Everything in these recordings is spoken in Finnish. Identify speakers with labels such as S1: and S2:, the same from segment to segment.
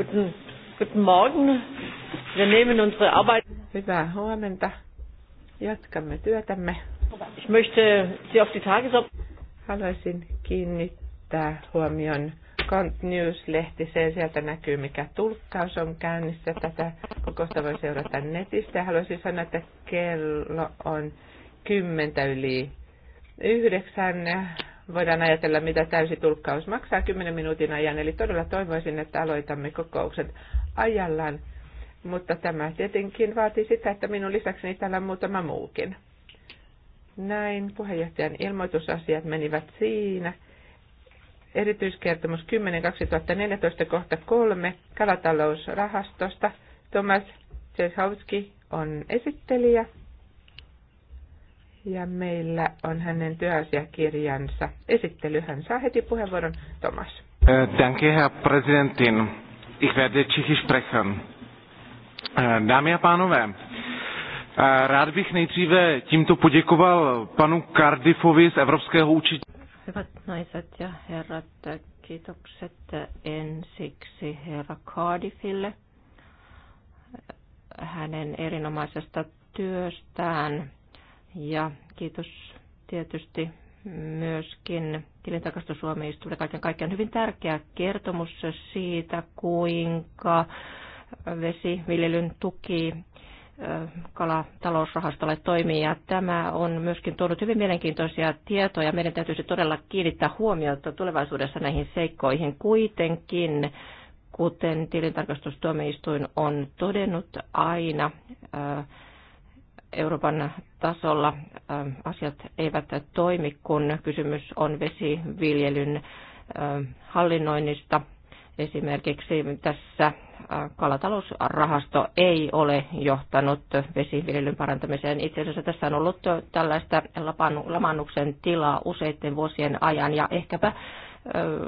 S1: Guten, guten Morgen. Wir nehmen unsere Arbeit. Hyvää huomenta. Jatkamme työtämme. Ich möchte Sie auf die Tagesordnung. Haluaisin kiinnittää huomion Kant News-lehtiseen. Sieltä näkyy, mikä tulkkaus on käynnissä. Tätä kokousta voi seurata netistä. Haluaisin sanoa, että kello on kymmentä yli yhdeksän voidaan ajatella, mitä täysi tulkkaus maksaa 10 minuutin ajan. Eli todella toivoisin, että aloitamme kokoukset ajallaan. Mutta tämä tietenkin vaatii sitä, että minun lisäkseni täällä on muutama muukin. Näin puheenjohtajan ilmoitusasiat menivät siinä. Erityiskertomus 10.2014 kohta 3 kalatalousrahastosta. Tomas Tsechowski on esittelijä. Ja meillä on hänen työasiakirjansa esittely. Hän saa heti puheenvuoron
S2: Tomas. E, danke, Herr Präsidentin. Ich werde Tschechisch sprechen. E, dámy a pánové, e, rád bych nejdříve tímto poděkoval panu Cardiffovi z Evropského účetního. Hyvät
S3: naiset ja herrat, kiitokset ensiksi herra Cardiffille hänen erinomaisesta työstään ja kiitos tietysti myöskin tilintarkastusuomioistuimen kaiken kaikkiaan hyvin tärkeä kertomus siitä, kuinka vesiviljelyn tuki kalatalousrahastolle toimii. Ja tämä on myöskin tuonut hyvin mielenkiintoisia tietoja. Meidän täytyisi todella kiinnittää huomiota tulevaisuudessa näihin seikkoihin. Kuitenkin, kuten tilintarkastustuomioistuin on todennut aina, Euroopan tasolla ähm, asiat eivät toimi, kun kysymys on vesiviljelyn ähm, hallinnoinnista. Esimerkiksi tässä äh, kalatalousrahasto ei ole johtanut vesiviljelyn parantamiseen. Itse asiassa tässä on ollut tällaista lamannuksen tilaa useiden vuosien ajan ja ehkäpä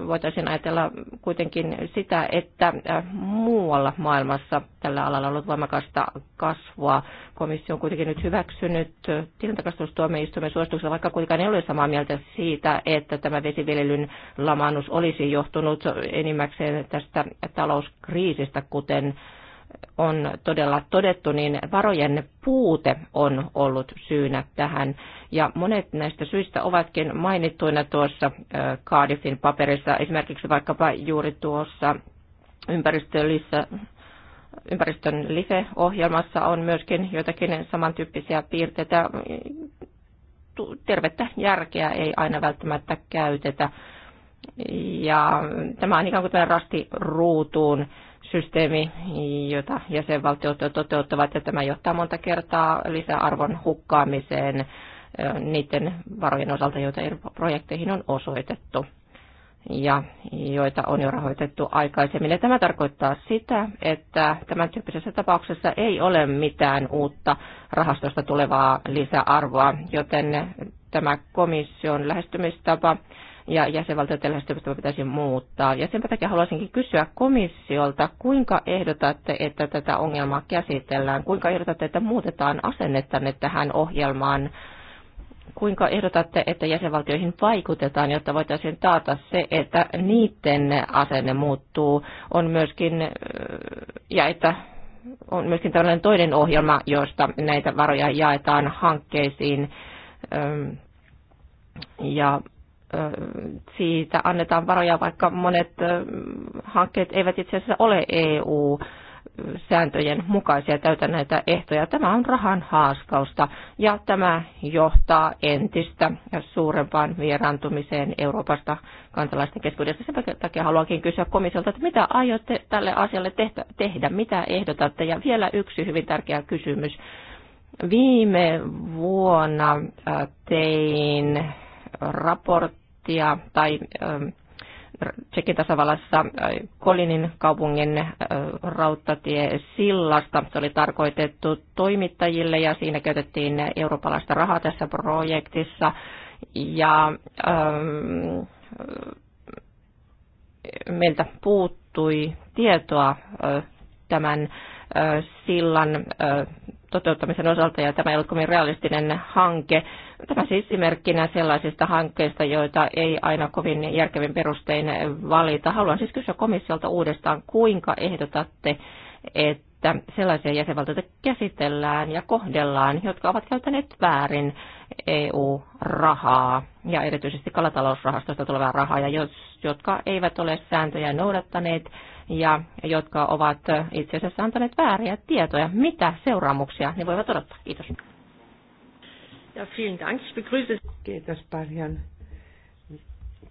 S3: voitaisiin ajatella kuitenkin sitä, että äh, muualla maailmassa tällä alalla on ollut voimakasta kasvua. Komissio on kuitenkin nyt hyväksynyt äh, tilintakastustuomioistuimen suosituksen, vaikka kuitenkaan ei ole samaa mieltä siitä, että tämä vesiviljelyn lamaannus olisi johtunut enimmäkseen tästä talouskriisistä, kuten on todella todettu, niin varojen puute on ollut syynä tähän. Ja monet näistä syistä ovatkin mainittuina tuossa Cardiffin paperissa, esimerkiksi vaikkapa juuri tuossa ympäristöllisessä ympäristön LIFE-ohjelmassa on myöskin joitakin samantyyppisiä piirteitä. Tervettä järkeä ei aina välttämättä käytetä. Ja tämä on ikään kuin rasti ruutuun systeemi, jota jäsenvaltiot toteuttavat, ja tämä johtaa monta kertaa lisäarvon hukkaamiseen niiden varojen osalta, joita projekteihin on osoitettu ja joita on jo rahoitettu aikaisemmin. Ja tämä tarkoittaa sitä, että tämän tyyppisessä tapauksessa ei ole mitään uutta rahastosta tulevaa lisäarvoa, joten tämä komission lähestymistapa ja jäsenvaltioiden lähestymistapa pitäisi muuttaa. Ja sen takia haluaisinkin kysyä komissiolta, kuinka ehdotatte, että tätä ongelmaa käsitellään, kuinka ehdotatte, että muutetaan asennettanne tähän ohjelmaan, kuinka ehdotatte, että jäsenvaltioihin vaikutetaan, jotta voitaisiin taata se, että niiden asenne muuttuu, on myöskin, ja että on myöskin tällainen toinen ohjelma, josta näitä varoja jaetaan hankkeisiin. Ja siitä annetaan varoja, vaikka monet hankkeet eivät itse asiassa ole EU sääntöjen mukaisia täytä näitä ehtoja. Tämä on rahan haaskausta ja tämä johtaa entistä suurempaan vieraantumiseen Euroopasta kansalaisten keskuudessa. Sen takia haluankin kysyä komissiolta, että mitä aiotte tälle asialle tehtä, tehdä, mitä ehdotatte. Ja vielä yksi hyvin tärkeä kysymys. Viime vuonna äh, tein raport Kroatia tai ähm, Tsekin tasavallassa äh, Kolinin kaupungin äh, rautatiesillasta. Se oli tarkoitettu toimittajille ja siinä käytettiin eurooppalaista rahaa tässä projektissa. Ja ähm, meiltä puuttui tietoa äh, tämän äh, sillan äh, toteuttamisen osalta ja tämä ei ollut kovin realistinen hanke. Tämä siis esimerkkinä sellaisista hankkeista, joita ei aina kovin järkevin perustein valita. Haluan siis kysyä komissiolta uudestaan, kuinka ehdotatte, että sellaisia jäsenvaltioita käsitellään ja kohdellaan, jotka ovat käyttäneet väärin EU-rahaa ja erityisesti kalatalousrahastosta tulevaa rahaa, ja jos, jotka eivät ole sääntöjä noudattaneet, ja jotka ovat itse asiassa antaneet vääriä tietoja. Mitä seuraamuksia ne voivat odottaa? Kiitos. Ja vielen Dank. Ich begrüße.
S1: Kiitos paljon.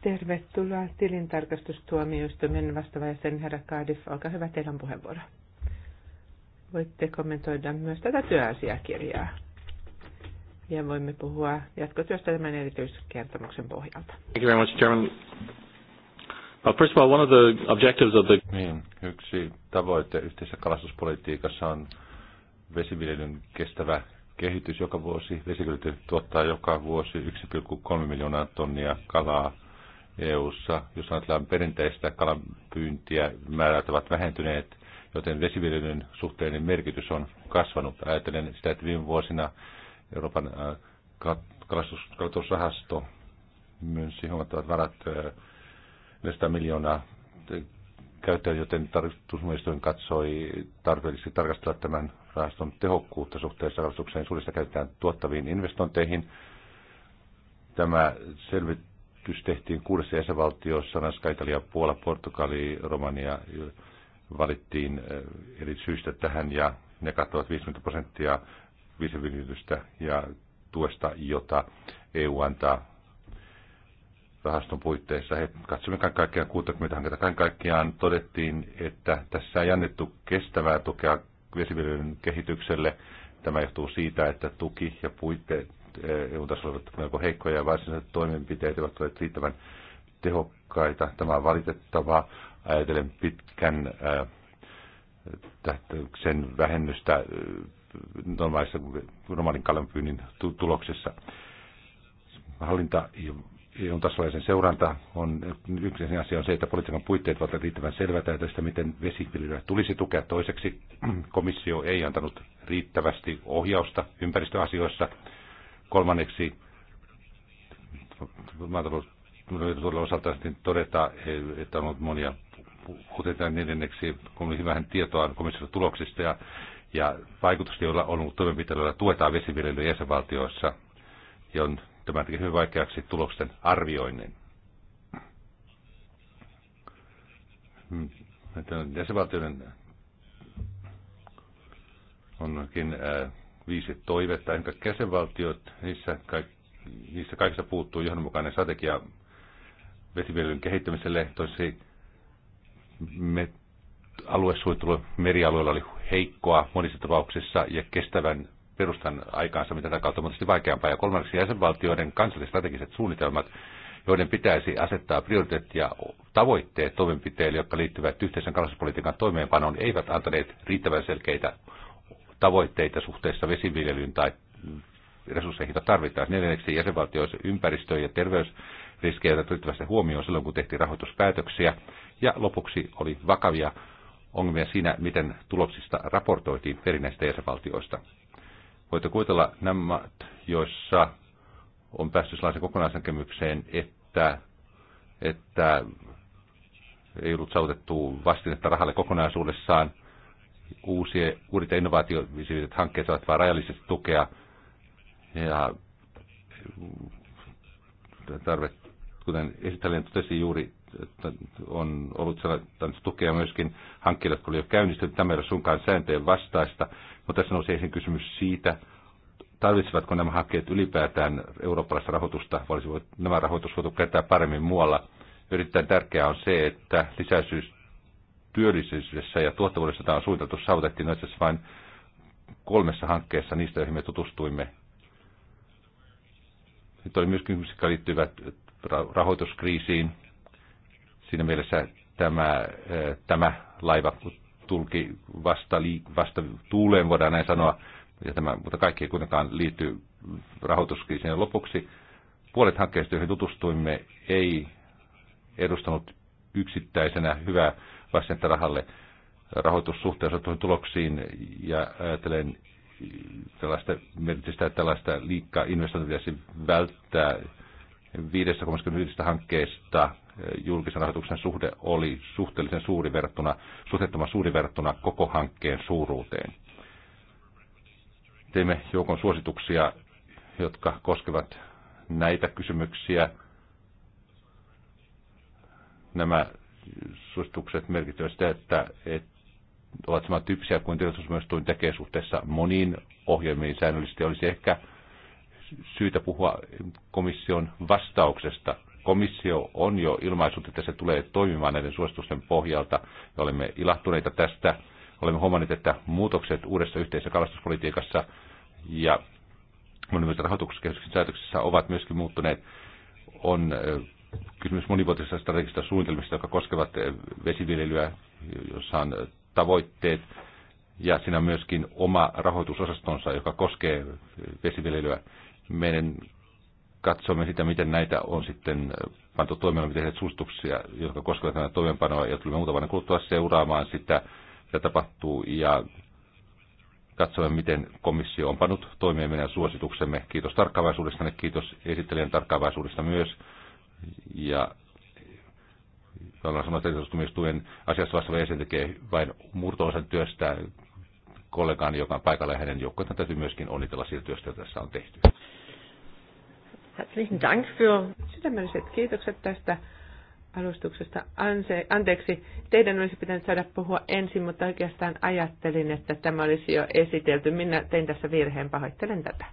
S1: Tervetuloa tilintarkastustuomioistuimen vastaavaisen herra Cardiff. Olkaa hyvä, teidän puheenvuoro. Voitte kommentoida myös tätä työasiakirjaa. Ja voimme puhua jatkotyöstä tämän erityiskertomuksen pohjalta.
S2: Thank you very much, Chairman. Well, first of all, one of the objectives of the... Niin, yksi tavoite yhteisessä kalastuspolitiikassa on vesiviljelyn kestävä kehitys joka vuosi. Vesiviljely tuottaa joka vuosi 1,3 miljoonaa tonnia kalaa EU-ssa. Jos ajatellaan perinteistä kalanpyyntiä, määrät ovat vähentyneet, joten vesiviljelyn suhteellinen merkitys on kasvanut. Ajattelen sitä, että viime vuosina Euroopan äh, kalastusrahasto myönsi huomattavat varat äh, 400 miljoonaa käyttäjä, joten tarkastusmuistoin katsoi tarpeellisesti tarkastella tämän rahaston tehokkuutta suhteessa rahoitukseen suurista käytetään tuottaviin investointeihin. Tämä selvitys tehtiin kuudessa jäsenvaltiossa, Ranska, Italia, Puola, Portugali, Romania valittiin eh, eri syistä tähän ja ne kattavat 50 prosenttia viisiviljelystä ja tuesta, jota EU antaa rahaston puitteissa. He katsomme kaiken kaikkiaan 60 hanketta. Kaiken kaikkiaan todettiin, että tässä ei annettu kestävää tukea vesiviljelyn kehitykselle. Tämä johtuu siitä, että tuki ja puitteet eh, EU-tasolla ovat melko heikkoja ja varsinaiset toimenpiteet ovat olleet riittävän tehokkaita. Tämä on valitettavaa. Ajatellen pitkän eh, sen vähennystä eh, normaalin kalanpyynnin tuloksessa. Hallinta- ja EUn tasolla seuranta on, yksi asia on se, että politiikan puitteet ovat riittävän selvät tästä, miten vesiviljelyä tulisi tukea. Toiseksi komissio ei antanut riittävästi ohjausta ympäristöasioissa. Kolmanneksi maatalouden osalta todeta, että on ollut monia puutteita neljänneksi vähän tietoa komission tuloksista ja, ja vaikutusta, joilla on ollut toimenpiteillä, tuetaan vesiviljelyä jäsenvaltioissa. Ja on Tämä teki hyvin vaikeaksi tulosten arvioinnin. Hmm. Jäsenvaltioiden onkin äh, viisi toivetta, enkä jäsenvaltiot, niissä, kaik, niissä kaikissa puuttuu johdonmukainen strategia vesiviljelyn kehittämiselle. Tosi me aluesuunnittelu merialueella oli heikkoa monissa tapauksissa ja kestävän perustan aikaansa, mitä tätä kautta on vaikeampaa. Ja kolmanneksi jäsenvaltioiden kansalliset strategiset suunnitelmat, joiden pitäisi asettaa prioriteetti ja tavoitteet toimenpiteille, jotka liittyvät yhteisen kalastuspolitiikan toimeenpanoon, eivät antaneet riittävän selkeitä tavoitteita suhteessa vesiviljelyyn tai resursseihin, joita tarvitaan. Neljänneksi jäsenvaltioissa ympäristö- ja terveysriskejä joita riittävästi huomioon silloin, kun tehtiin rahoituspäätöksiä. Ja lopuksi oli vakavia ongelmia siinä, miten tuloksista raportoitiin perinneistä jäsenvaltioista. Voitte kuvitella nämä, joissa on päästy sellaisen kokonaisnäkemykseen, että, että ei ollut saavutettu vastinetta rahalle kokonaisuudessaan. Uusia, uudet innovatiiviset hankkeet saavat vain rajallisesti tukea ja tarve, kuten esittelijän totesi juuri, on ollut sellaista tukea myöskin hankkeille, jotka oli jo käynnistynyt. Tämä ei ole sääntöjen vastaista, mutta tässä nousi ensin kysymys siitä, tarvitsevatko nämä hankkeet ylipäätään eurooppalaista rahoitusta, vai voit, nämä rahoitus voitu käyttää paremmin muualla. Erittäin tärkeää on se, että lisäisyys työllisyydessä ja tuottavuudessa tämä on suunniteltu, saavutettiin noissa vain kolmessa hankkeessa niistä, joihin me tutustuimme. Nyt oli myös kysymys, jotka liittyvät rahoituskriisiin, Siinä mielessä tämä, tämä laiva tulki vasta, vasta tuuleen, voidaan näin sanoa, ja tämä, mutta kaikki ei kuitenkaan liity rahoituskriisiin. Lopuksi puolet hankkeista, joihin tutustuimme, ei edustanut yksittäisenä hyvää vastenta rahalle rahoitussuhteessa tuloksiin ja ajattelen tällaista merkitystä, että tällaista liikkaa investointia välttää 5,31 hankkeesta julkisen rahoituksen suhde oli suhteellisen suuri verrattuna, suhteettoman suuri verrattuna koko hankkeen suuruuteen. Teimme joukon suosituksia, jotka koskevat näitä kysymyksiä. Nämä suositukset merkitsevät sitä, että, että ovat tyyppisiä kuin tilastusomistuin tekee suhteessa moniin ohjelmiin säännöllisesti. Olisi ehkä syytä puhua komission vastauksesta Komissio on jo ilmaissut, että se tulee toimimaan näiden suositusten pohjalta Me olemme ilahtuneita tästä. Olemme huomanneet, että muutokset uudessa yhteisessä kalastuspolitiikassa ja monimutkaisessa rahoituskeskuksen säätöksessä ovat myöskin muuttuneet. On kysymys monivuotisista strategisista suunnitelmista, jotka koskevat vesiviljelyä, jossa on tavoitteet ja siinä on myöskin oma rahoitusosastonsa, joka koskee vesiviljelyä. Meidän katsomme sitä, miten näitä on sitten äh, pantu toimeen, miten tehdä suostuksia, jotka koskevat tämän toimeenpanoa, ja tulemme muutaman kuluttua seuraamaan sitä, mitä tapahtuu, ja katsomme, miten komissio on pannut toimeen meidän suosituksemme. Kiitos tarkkaavaisuudesta, kiitos esittelijän tarkkaavaisuudesta myös, ja ollaan sanonut, että tuomioistuimen asiassa vastaava jäsen tekee vain murto työstä kollegaani, joka on paikalla ja hänen joukkoitaan täytyy myöskin onnitella siitä työstä, jota tässä on tehty.
S1: Herzlichen Dank für... Sydämelliset kiitokset tästä alustuksesta. Anse, anteeksi, teidän olisi pitänyt saada puhua ensin, mutta oikeastaan ajattelin, että tämä olisi jo esitelty. Minä tein tässä virheen, pahoittelen tätä.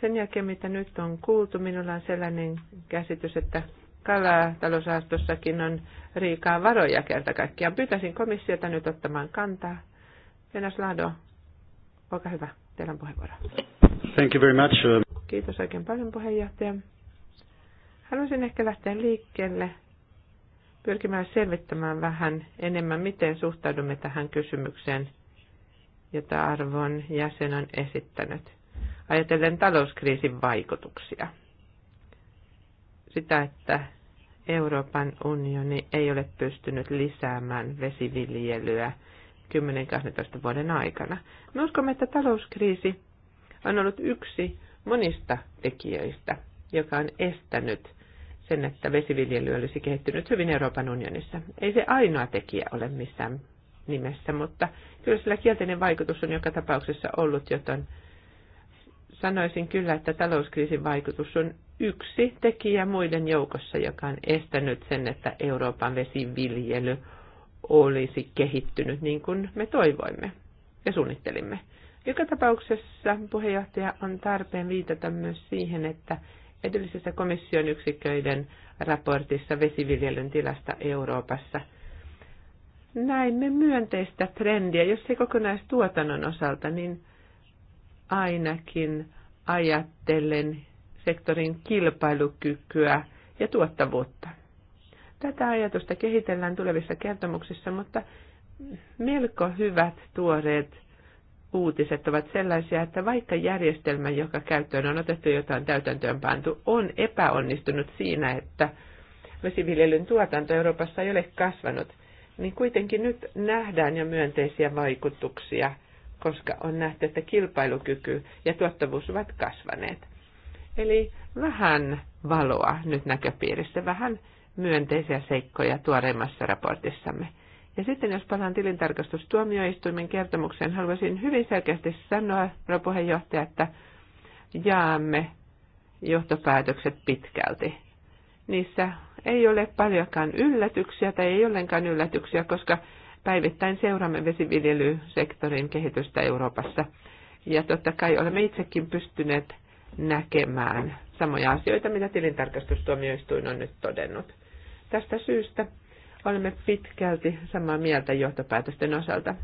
S1: Sen jälkeen, mitä nyt on kuultu, minulla on sellainen käsitys, että kalatalousaastossakin on riikaa varoja kerta kaikkiaan. Pyytäisin komissiota nyt ottamaan kantaa. Venäslaado, Lado, olkaa hyvä. Teillä on puheenvuoro.
S2: Thank you very much. Uh,
S1: Kiitos oikein paljon puheenjohtaja. Haluaisin ehkä lähteä liikkeelle pyrkimään selvittämään vähän enemmän, miten suhtaudumme tähän kysymykseen, jota arvon jäsen on esittänyt, ajatellen talouskriisin vaikutuksia. Sitä, että Euroopan unioni ei ole pystynyt lisäämään vesiviljelyä 10-12 vuoden aikana. Me uskomme, että talouskriisi on ollut yksi monista tekijöistä, joka on estänyt sen, että vesiviljely olisi kehittynyt hyvin Euroopan unionissa. Ei se ainoa tekijä ole missään nimessä, mutta kyllä sillä kielteinen vaikutus on joka tapauksessa ollut, joten sanoisin kyllä, että talouskriisin vaikutus on yksi tekijä muiden joukossa, joka on estänyt sen, että Euroopan vesiviljely olisi kehittynyt niin kuin me toivoimme ja suunnittelimme. Joka tapauksessa puheenjohtaja on tarpeen viitata myös siihen, että edellisessä komission yksiköiden raportissa vesiviljelyn tilasta Euroopassa näimme myönteistä trendiä, jos ei kokonaistuotannon osalta, niin ainakin ajattelen sektorin kilpailukykyä ja tuottavuutta. Tätä ajatusta kehitellään tulevissa kertomuksissa, mutta melko hyvät tuoreet uutiset ovat sellaisia, että vaikka järjestelmä, joka käyttöön on otettu jotain täytäntöön pantu, on epäonnistunut siinä, että vesiviljelyn tuotanto Euroopassa ei ole kasvanut, niin kuitenkin nyt nähdään jo myönteisiä vaikutuksia, koska on nähty, että kilpailukyky ja tuottavuus ovat kasvaneet. Eli vähän valoa nyt näköpiirissä, vähän myönteisiä seikkoja tuoreimmassa raportissamme. Ja sitten jos palaan tilintarkastustuomioistuimen kertomukseen, haluaisin hyvin selkeästi sanoa, herra puheenjohtaja, että jaamme johtopäätökset pitkälti. Niissä ei ole paljonkaan yllätyksiä tai ei ollenkaan yllätyksiä, koska päivittäin seuraamme vesiviljelysektorin kehitystä Euroopassa. Ja totta kai olemme itsekin pystyneet näkemään samoja asioita, mitä tilintarkastustuomioistuin on nyt todennut. Tästä syystä olemme pitkälti samaa mieltä johtopäätösten osalta.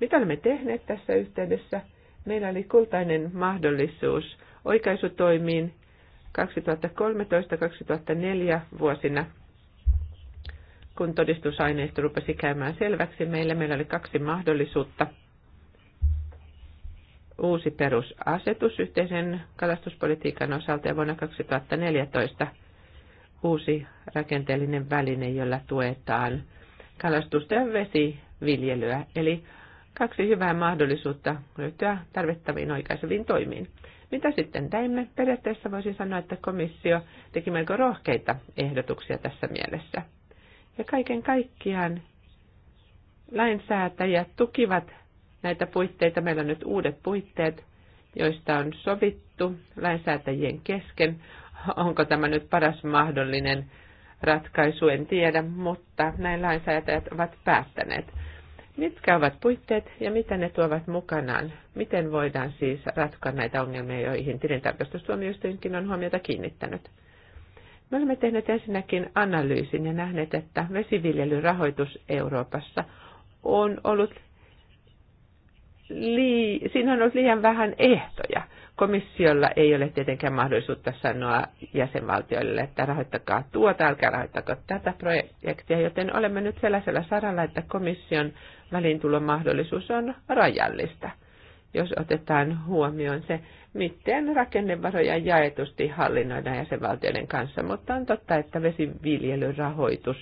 S1: Mitä olemme tehneet tässä yhteydessä? Meillä oli kultainen mahdollisuus oikaisutoimiin 2013-2004 vuosina, kun todistusaineisto rupesi käymään selväksi. Meillä, meillä oli kaksi mahdollisuutta. Uusi perusasetus yhteisen kalastuspolitiikan osalta ja vuonna 2014 uusi rakenteellinen väline, jolla tuetaan kalastusta ja vesiviljelyä. Eli kaksi hyvää mahdollisuutta ryhtyä tarvittaviin oikaiseviin toimiin. Mitä sitten teimme? Periaatteessa voisi sanoa, että komissio teki melko rohkeita ehdotuksia tässä mielessä. Ja kaiken kaikkiaan lainsäätäjät tukivat näitä puitteita. Meillä on nyt uudet puitteet, joista on sovittu lainsäätäjien kesken onko tämä nyt paras mahdollinen ratkaisu, en tiedä, mutta näin lainsäätäjät ovat päättäneet. Mitkä ovat puitteet ja mitä ne tuovat mukanaan? Miten voidaan siis ratkoa näitä ongelmia, joihin tilintarkastustuomioistuinkin on huomiota kiinnittänyt? Me olemme tehneet ensinnäkin analyysin ja nähneet, että vesiviljelyrahoitus Euroopassa on ollut, lii, siinä on ollut liian vähän ehtoja – Komissiolla ei ole tietenkään mahdollisuutta sanoa jäsenvaltioille, että rahoittakaa tuota, älkää rahoittako tätä projektia, joten olemme nyt sellaisella saralla, että komission välintulon mahdollisuus on rajallista, jos otetaan huomioon se, miten rakennevaroja jaetusti hallinnoidaan jäsenvaltioiden kanssa, mutta on totta, että vesiviljelyn rahoitus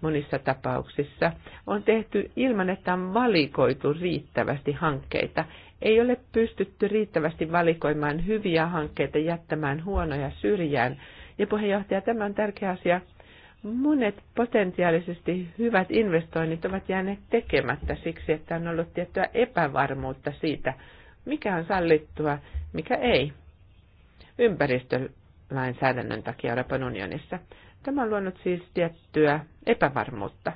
S1: monissa tapauksissa on tehty ilman, että on valikoitu riittävästi hankkeita, ei ole pystytty riittävästi valikoimaan hyviä hankkeita, jättämään huonoja syrjään. Ja puheenjohtaja, tämä on tärkeä asia. Monet potentiaalisesti hyvät investoinnit ovat jääneet tekemättä siksi, että on ollut tiettyä epävarmuutta siitä, mikä on sallittua, mikä ei. Ympäristölainsäädännön takia Euroopan unionissa. Tämä on luonut siis tiettyä epävarmuutta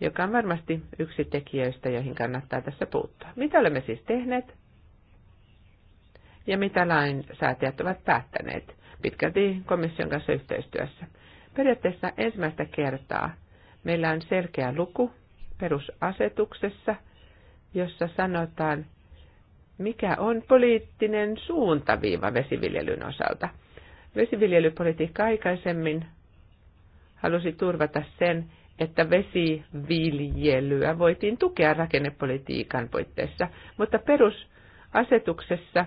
S1: joka on varmasti yksi tekijöistä, joihin kannattaa tässä puuttua. Mitä olemme siis tehneet ja mitä lainsäätäjät ovat päättäneet pitkälti komission kanssa yhteistyössä? Periaatteessa ensimmäistä kertaa meillä on selkeä luku perusasetuksessa, jossa sanotaan, mikä on poliittinen suuntaviiva vesiviljelyn osalta. Vesiviljelypolitiikka aikaisemmin halusi turvata sen, että vesiviljelyä voitiin tukea rakennepolitiikan puitteissa, mutta perusasetuksessa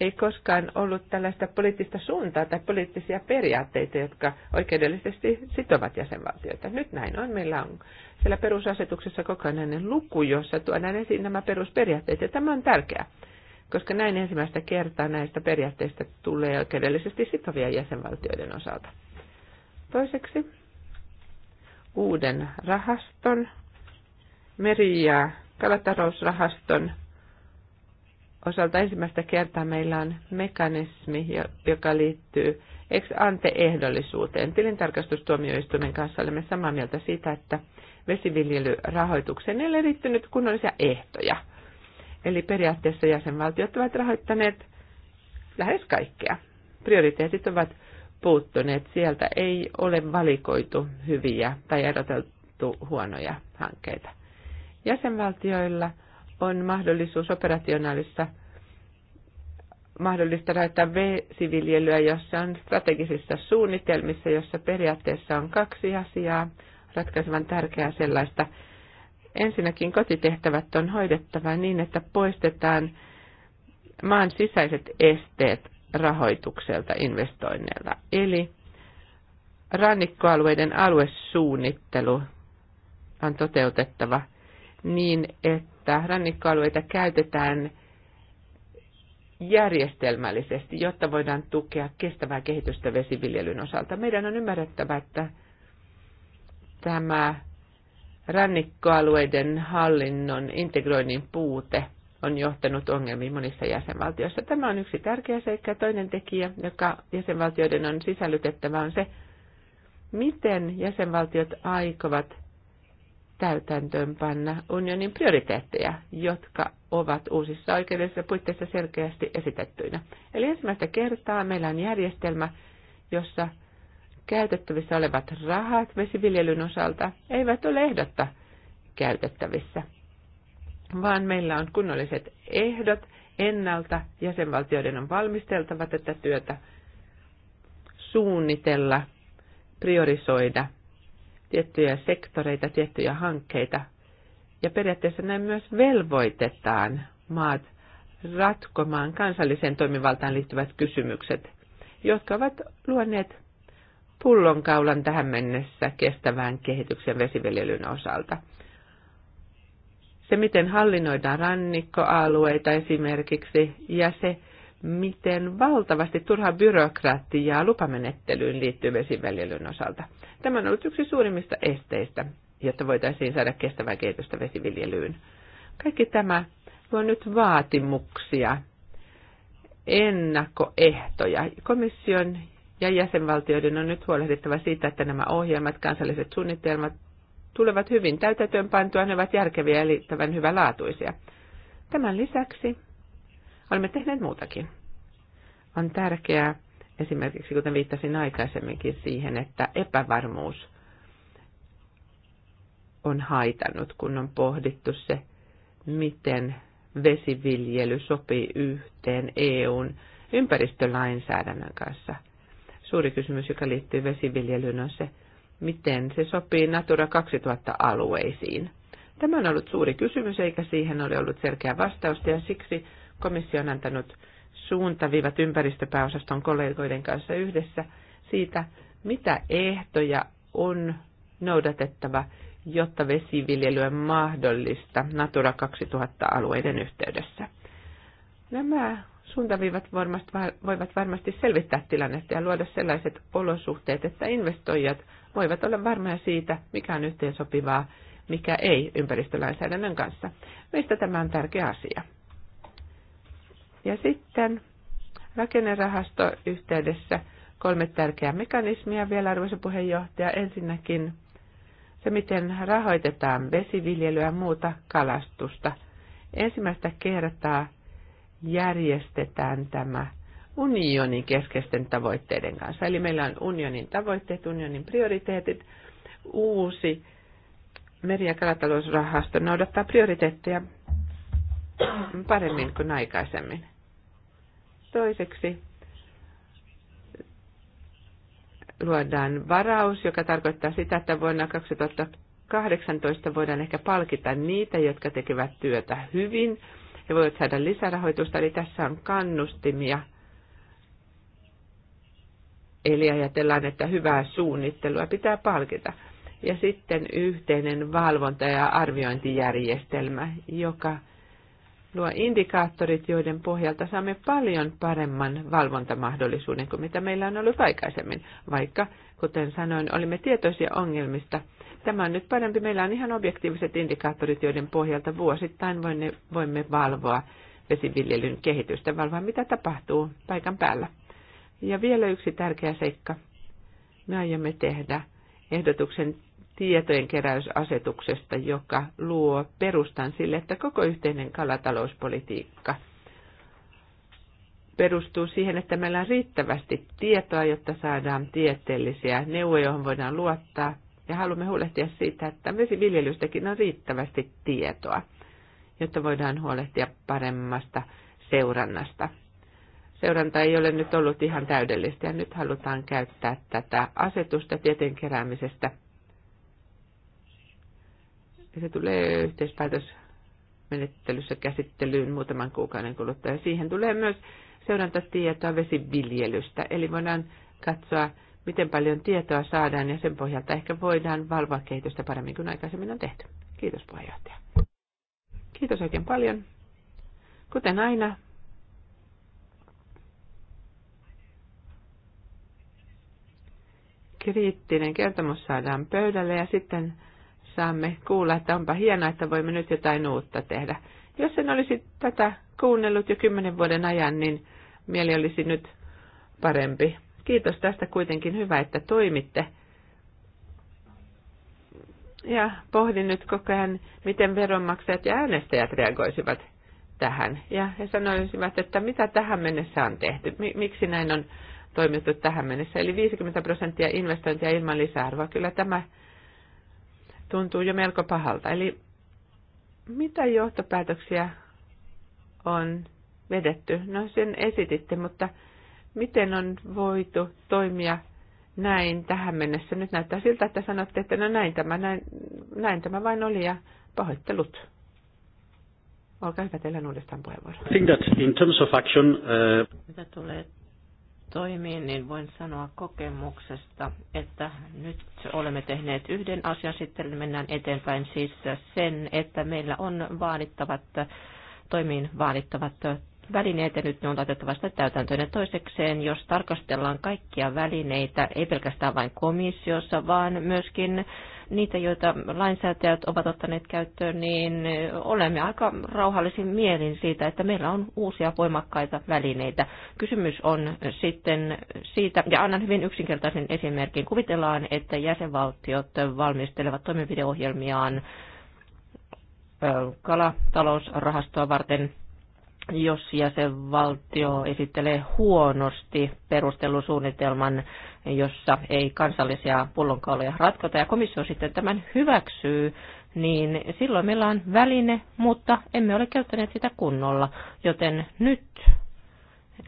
S1: ei koskaan ollut tällaista poliittista suuntaa tai poliittisia periaatteita, jotka oikeudellisesti sitovat jäsenvaltioita. Nyt näin on. Meillä on siellä perusasetuksessa kokonainen luku, jossa tuodaan esiin nämä perusperiaatteet, ja tämä on tärkeää, koska näin ensimmäistä kertaa näistä periaatteista tulee oikeudellisesti sitovia jäsenvaltioiden osalta. Toiseksi uuden rahaston, meri- ja kalatalousrahaston osalta ensimmäistä kertaa meillä on mekanismi, joka liittyy ex ante ehdollisuuteen. Tilintarkastustuomioistuimen kanssa olemme samaa mieltä siitä, että vesiviljelyrahoitukseen ei ole liittynyt kunnollisia ehtoja. Eli periaatteessa jäsenvaltiot ovat rahoittaneet lähes kaikkea. Prioriteetit ovat puuttuneet. Sieltä ei ole valikoitu hyviä tai eroteltu huonoja hankkeita. Jäsenvaltioilla on mahdollisuus operationaalissa mahdollista rajoittaa V-siviljelyä, jossa on strategisissa suunnitelmissa, jossa periaatteessa on kaksi asiaa, ratkaisevan tärkeää sellaista. Ensinnäkin kotitehtävät on hoidettava niin, että poistetaan maan sisäiset esteet rahoitukselta investoinneilla. Eli rannikkoalueiden aluesuunnittelu on toteutettava niin, että rannikkoalueita käytetään järjestelmällisesti, jotta voidaan tukea kestävää kehitystä vesiviljelyn osalta. Meidän on ymmärrettävä, että tämä rannikkoalueiden hallinnon integroinnin puute – on johtanut ongelmiin monissa jäsenvaltioissa. Tämä on yksi tärkeä seikka. Toinen tekijä, joka jäsenvaltioiden on sisällytettävä, on se, miten jäsenvaltiot aikovat täytäntöönpanna unionin prioriteetteja, jotka ovat uusissa oikeudellisissa puitteissa selkeästi esitettyinä. Eli ensimmäistä kertaa meillä on järjestelmä, jossa käytettävissä olevat rahat vesiviljelyn osalta eivät ole ehdotta käytettävissä – vaan meillä on kunnolliset ehdot ennalta. Jäsenvaltioiden on valmisteltava tätä työtä, suunnitella, priorisoida tiettyjä sektoreita, tiettyjä hankkeita. Ja periaatteessa näin myös velvoitetaan maat ratkomaan kansalliseen toimivaltaan liittyvät kysymykset, jotka ovat luoneet pullonkaulan tähän mennessä kestävään kehityksen vesiviljelyn osalta se, miten hallinnoidaan rannikkoalueita esimerkiksi, ja se, miten valtavasti turha byrokratiaa lupamenettelyyn liittyy vesiviljelyn osalta. Tämä on ollut yksi suurimmista esteistä, jotta voitaisiin saada kestävää kehitystä vesiviljelyyn. Kaikki tämä luo nyt vaatimuksia, ennakkoehtoja. Komission ja jäsenvaltioiden on nyt huolehdittava siitä, että nämä ohjelmat, kansalliset suunnitelmat, tulevat hyvin täytäntöönpantua, ne ovat järkeviä ja riittävän hyvälaatuisia. Tämän lisäksi olemme tehneet muutakin. On tärkeää, esimerkiksi kuten viittasin aikaisemminkin siihen, että epävarmuus on haitannut, kun on pohdittu se, miten vesiviljely sopii yhteen EUn ympäristölainsäädännön kanssa. Suuri kysymys, joka liittyy vesiviljelyyn, on se, miten se sopii Natura 2000-alueisiin. Tämä on ollut suuri kysymys, eikä siihen ole ollut selkeää vastausta, ja siksi komissio on antanut suuntaviivat ympäristöpääosaston kollegoiden kanssa yhdessä siitä, mitä ehtoja on noudatettava, jotta vesiviljely on mahdollista Natura 2000-alueiden yhteydessä. Nämä suuntaviivat varmasti, voivat varmasti selvittää tilannetta ja luoda sellaiset olosuhteet, että investoijat voivat olla varmoja siitä, mikä on yhteensopivaa, mikä ei ympäristölainsäädännön kanssa. Meistä tämä on tärkeä asia. Ja sitten rakennerahastoyhteydessä kolme tärkeää mekanismia vielä, arvoisa puheenjohtaja. Ensinnäkin se, miten rahoitetaan vesiviljelyä ja muuta kalastusta. Ensimmäistä kertaa järjestetään tämä unionin keskeisten tavoitteiden kanssa. Eli meillä on unionin tavoitteet, unionin prioriteetit, uusi meri- ja kalatalousrahasto noudattaa prioriteetteja paremmin kuin aikaisemmin. Toiseksi luodaan varaus, joka tarkoittaa sitä, että vuonna 2018 voidaan ehkä palkita niitä, jotka tekevät työtä hyvin ja voivat saada lisärahoitusta. Eli tässä on kannustimia – Eli ajatellaan, että hyvää suunnittelua pitää palkita. Ja sitten yhteinen valvonta- ja arviointijärjestelmä, joka luo indikaattorit, joiden pohjalta saamme paljon paremman valvontamahdollisuuden kuin mitä meillä on ollut aikaisemmin, vaikka, kuten sanoin, olimme tietoisia ongelmista. Tämä on nyt parempi. Meillä on ihan objektiiviset indikaattorit, joiden pohjalta vuosittain voimme valvoa vesiviljelyn kehitystä, valvoa mitä tapahtuu paikan päällä. Ja vielä yksi tärkeä seikka. Me aiomme tehdä ehdotuksen tietojen keräysasetuksesta, joka luo perustan sille, että koko yhteinen kalatalouspolitiikka perustuu siihen, että meillä on riittävästi tietoa, jotta saadaan tieteellisiä neuvoja, joihin voidaan luottaa. Ja haluamme huolehtia siitä, että vesiviljelystäkin on riittävästi tietoa, jotta voidaan huolehtia paremmasta seurannasta seuranta ei ole nyt ollut ihan täydellistä ja nyt halutaan käyttää tätä asetusta tieteen keräämisestä. Se tulee yhteispäätösmenettelyssä käsittelyyn muutaman kuukauden kuluttua ja siihen tulee myös seurantatietoa vesiviljelystä. Eli voidaan katsoa, miten paljon tietoa saadaan ja sen pohjalta ehkä voidaan valvoa kehitystä paremmin kuin aikaisemmin on tehty. Kiitos puheenjohtaja. Kiitos oikein paljon. Kuten aina, kriittinen kertomus saadaan pöydälle ja sitten saamme kuulla, että onpa hienoa, että voimme nyt jotain uutta tehdä. Jos en olisi tätä kuunnellut jo kymmenen vuoden ajan, niin mieli olisi nyt parempi. Kiitos tästä kuitenkin, hyvä, että toimitte. Ja pohdin nyt koko ajan, miten veronmaksajat ja äänestäjät reagoisivat tähän. Ja he sanoisivat, että mitä tähän mennessä on tehty, miksi näin on toimittu tähän mennessä. Eli 50 prosenttia investointia ilman lisäarvoa. Kyllä tämä tuntuu jo melko pahalta. Eli mitä johtopäätöksiä on vedetty? No sen esititte, mutta miten on voitu toimia näin tähän mennessä? Nyt näyttää siltä, että sanotte, että no näin tämä, näin, näin tämä vain oli ja pahoittelut. Olkaa hyvä, teillä on uudestaan puheenvuoro. I think
S2: that in terms of action, uh...
S1: Mitä tulee toimiin, niin
S3: voin sanoa kokemuksesta, että nyt olemme tehneet yhden asian, sitten mennään eteenpäin siis sen, että meillä on vaadittavat, toimiin vaadittavat välineet ja nyt ne on laitettava sitä täytäntöön. Ja toisekseen, jos tarkastellaan kaikkia välineitä, ei pelkästään vain komissiossa, vaan myöskin niitä, joita lainsäätäjät ovat ottaneet käyttöön, niin olemme aika rauhallisin mielin siitä, että meillä on uusia voimakkaita välineitä. Kysymys on sitten siitä, ja annan hyvin yksinkertaisen esimerkin. Kuvitellaan, että jäsenvaltiot valmistelevat toimenpideohjelmiaan kalatalousrahastoa varten – jos jäsenvaltio esittelee huonosti perustelusuunnitelman, jossa ei kansallisia pullonkauloja ratkota ja komissio sitten tämän hyväksyy, niin silloin meillä on väline, mutta emme ole käyttäneet sitä kunnolla. Joten nyt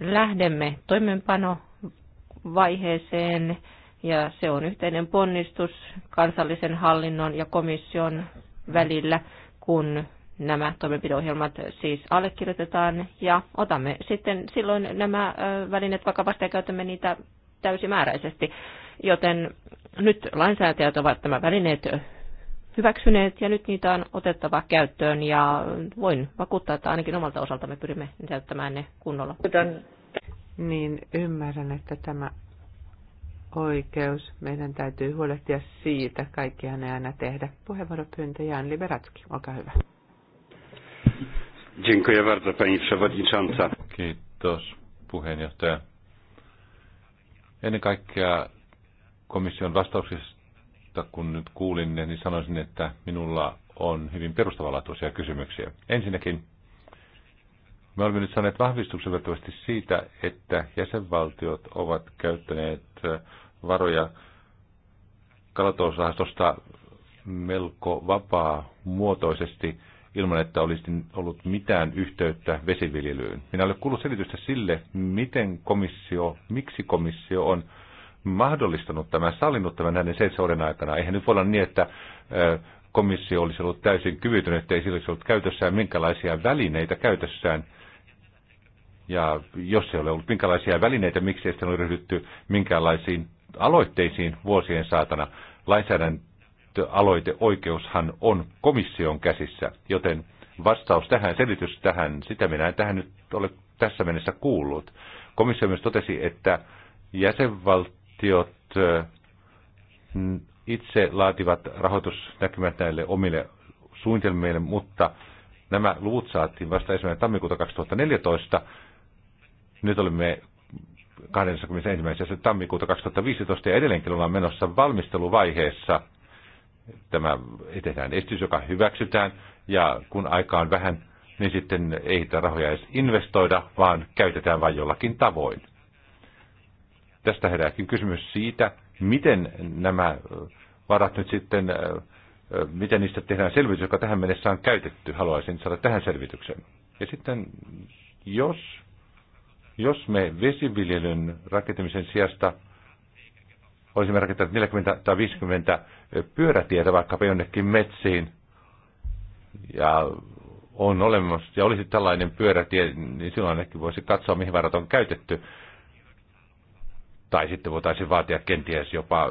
S3: lähdemme toimenpanovaiheeseen ja se on yhteinen ponnistus kansallisen hallinnon ja komission välillä, kun nämä toimenpideohjelmat siis allekirjoitetaan ja otamme sitten silloin nämä välineet vakavasti ja käytämme niitä täysimääräisesti. Joten nyt lainsäätäjät ovat nämä välineet hyväksyneet ja nyt niitä on otettava käyttöön ja voin vakuuttaa, että ainakin omalta osalta me pyrimme täyttämään ne kunnolla.
S1: Niin ymmärrän, että tämä oikeus, meidän täytyy huolehtia siitä, kaikkihan ei aina tehdä. Puheenvuoropyyntö Jan Liberatski, olkaa hyvä.
S2: Dziękuję bardzo, pani przewodnicząca. Kiitos, puheenjohtaja. Ennen kaikkea komission vastauksista, kun nyt kuulin ne, niin sanoisin, että minulla on hyvin perustavanlaatuisia kysymyksiä. Ensinnäkin, me olemme nyt saaneet vahvistuksen vertaisesti siitä, että jäsenvaltiot ovat käyttäneet varoja kalatalousrahastosta melko vapaa muotoisesti ilman, että olisi ollut mitään yhteyttä vesiviljelyyn. Minä olen kuullut selitystä sille, miten komissio, miksi komissio on mahdollistanut tämän, sallinut tämän näiden seitsemän aikana. Eihän nyt voi olla niin, että komissio olisi ollut täysin kyvytön, että ei sillä olisi ollut käytössään minkälaisia välineitä käytössään. Ja jos ei ole ollut minkälaisia välineitä, miksi ei sitten ole ryhdytty minkälaisiin aloitteisiin vuosien saatana. Lainsäädäntö aloiteoikeushan on komission käsissä, joten vastaus tähän, selitys tähän, sitä minä en tähän nyt ole tässä mennessä kuullut. Komissio myös totesi, että jäsenvaltiot itse laativat rahoitusnäkymät näille omille suunnitelmille, mutta nämä luvut saatiin vasta esimerkiksi tammikuuta 2014. Nyt olemme 21. tammikuuta 2015 ja edelleenkin ollaan menossa valmisteluvaiheessa – Tämä etetään esitys, joka hyväksytään, ja kun aika on vähän, niin sitten ei niitä rahoja edes investoida, vaan käytetään vain jollakin tavoin. Tästä herääkin kysymys siitä, miten nämä varat nyt sitten, miten niistä tehdään selvitys, joka tähän mennessä on käytetty. Haluaisin saada tähän selvityksen. Ja sitten, jos, jos me vesiviljelyn rakentamisen sijasta olisimme rakentaneet 40 tai 50 pyörätietä vaikkapa jonnekin metsiin, ja on olemassa, ja olisi tällainen pyörätie, niin silloin ainakin voisi katsoa, mihin varat on käytetty. Tai sitten voitaisiin vaatia kenties jopa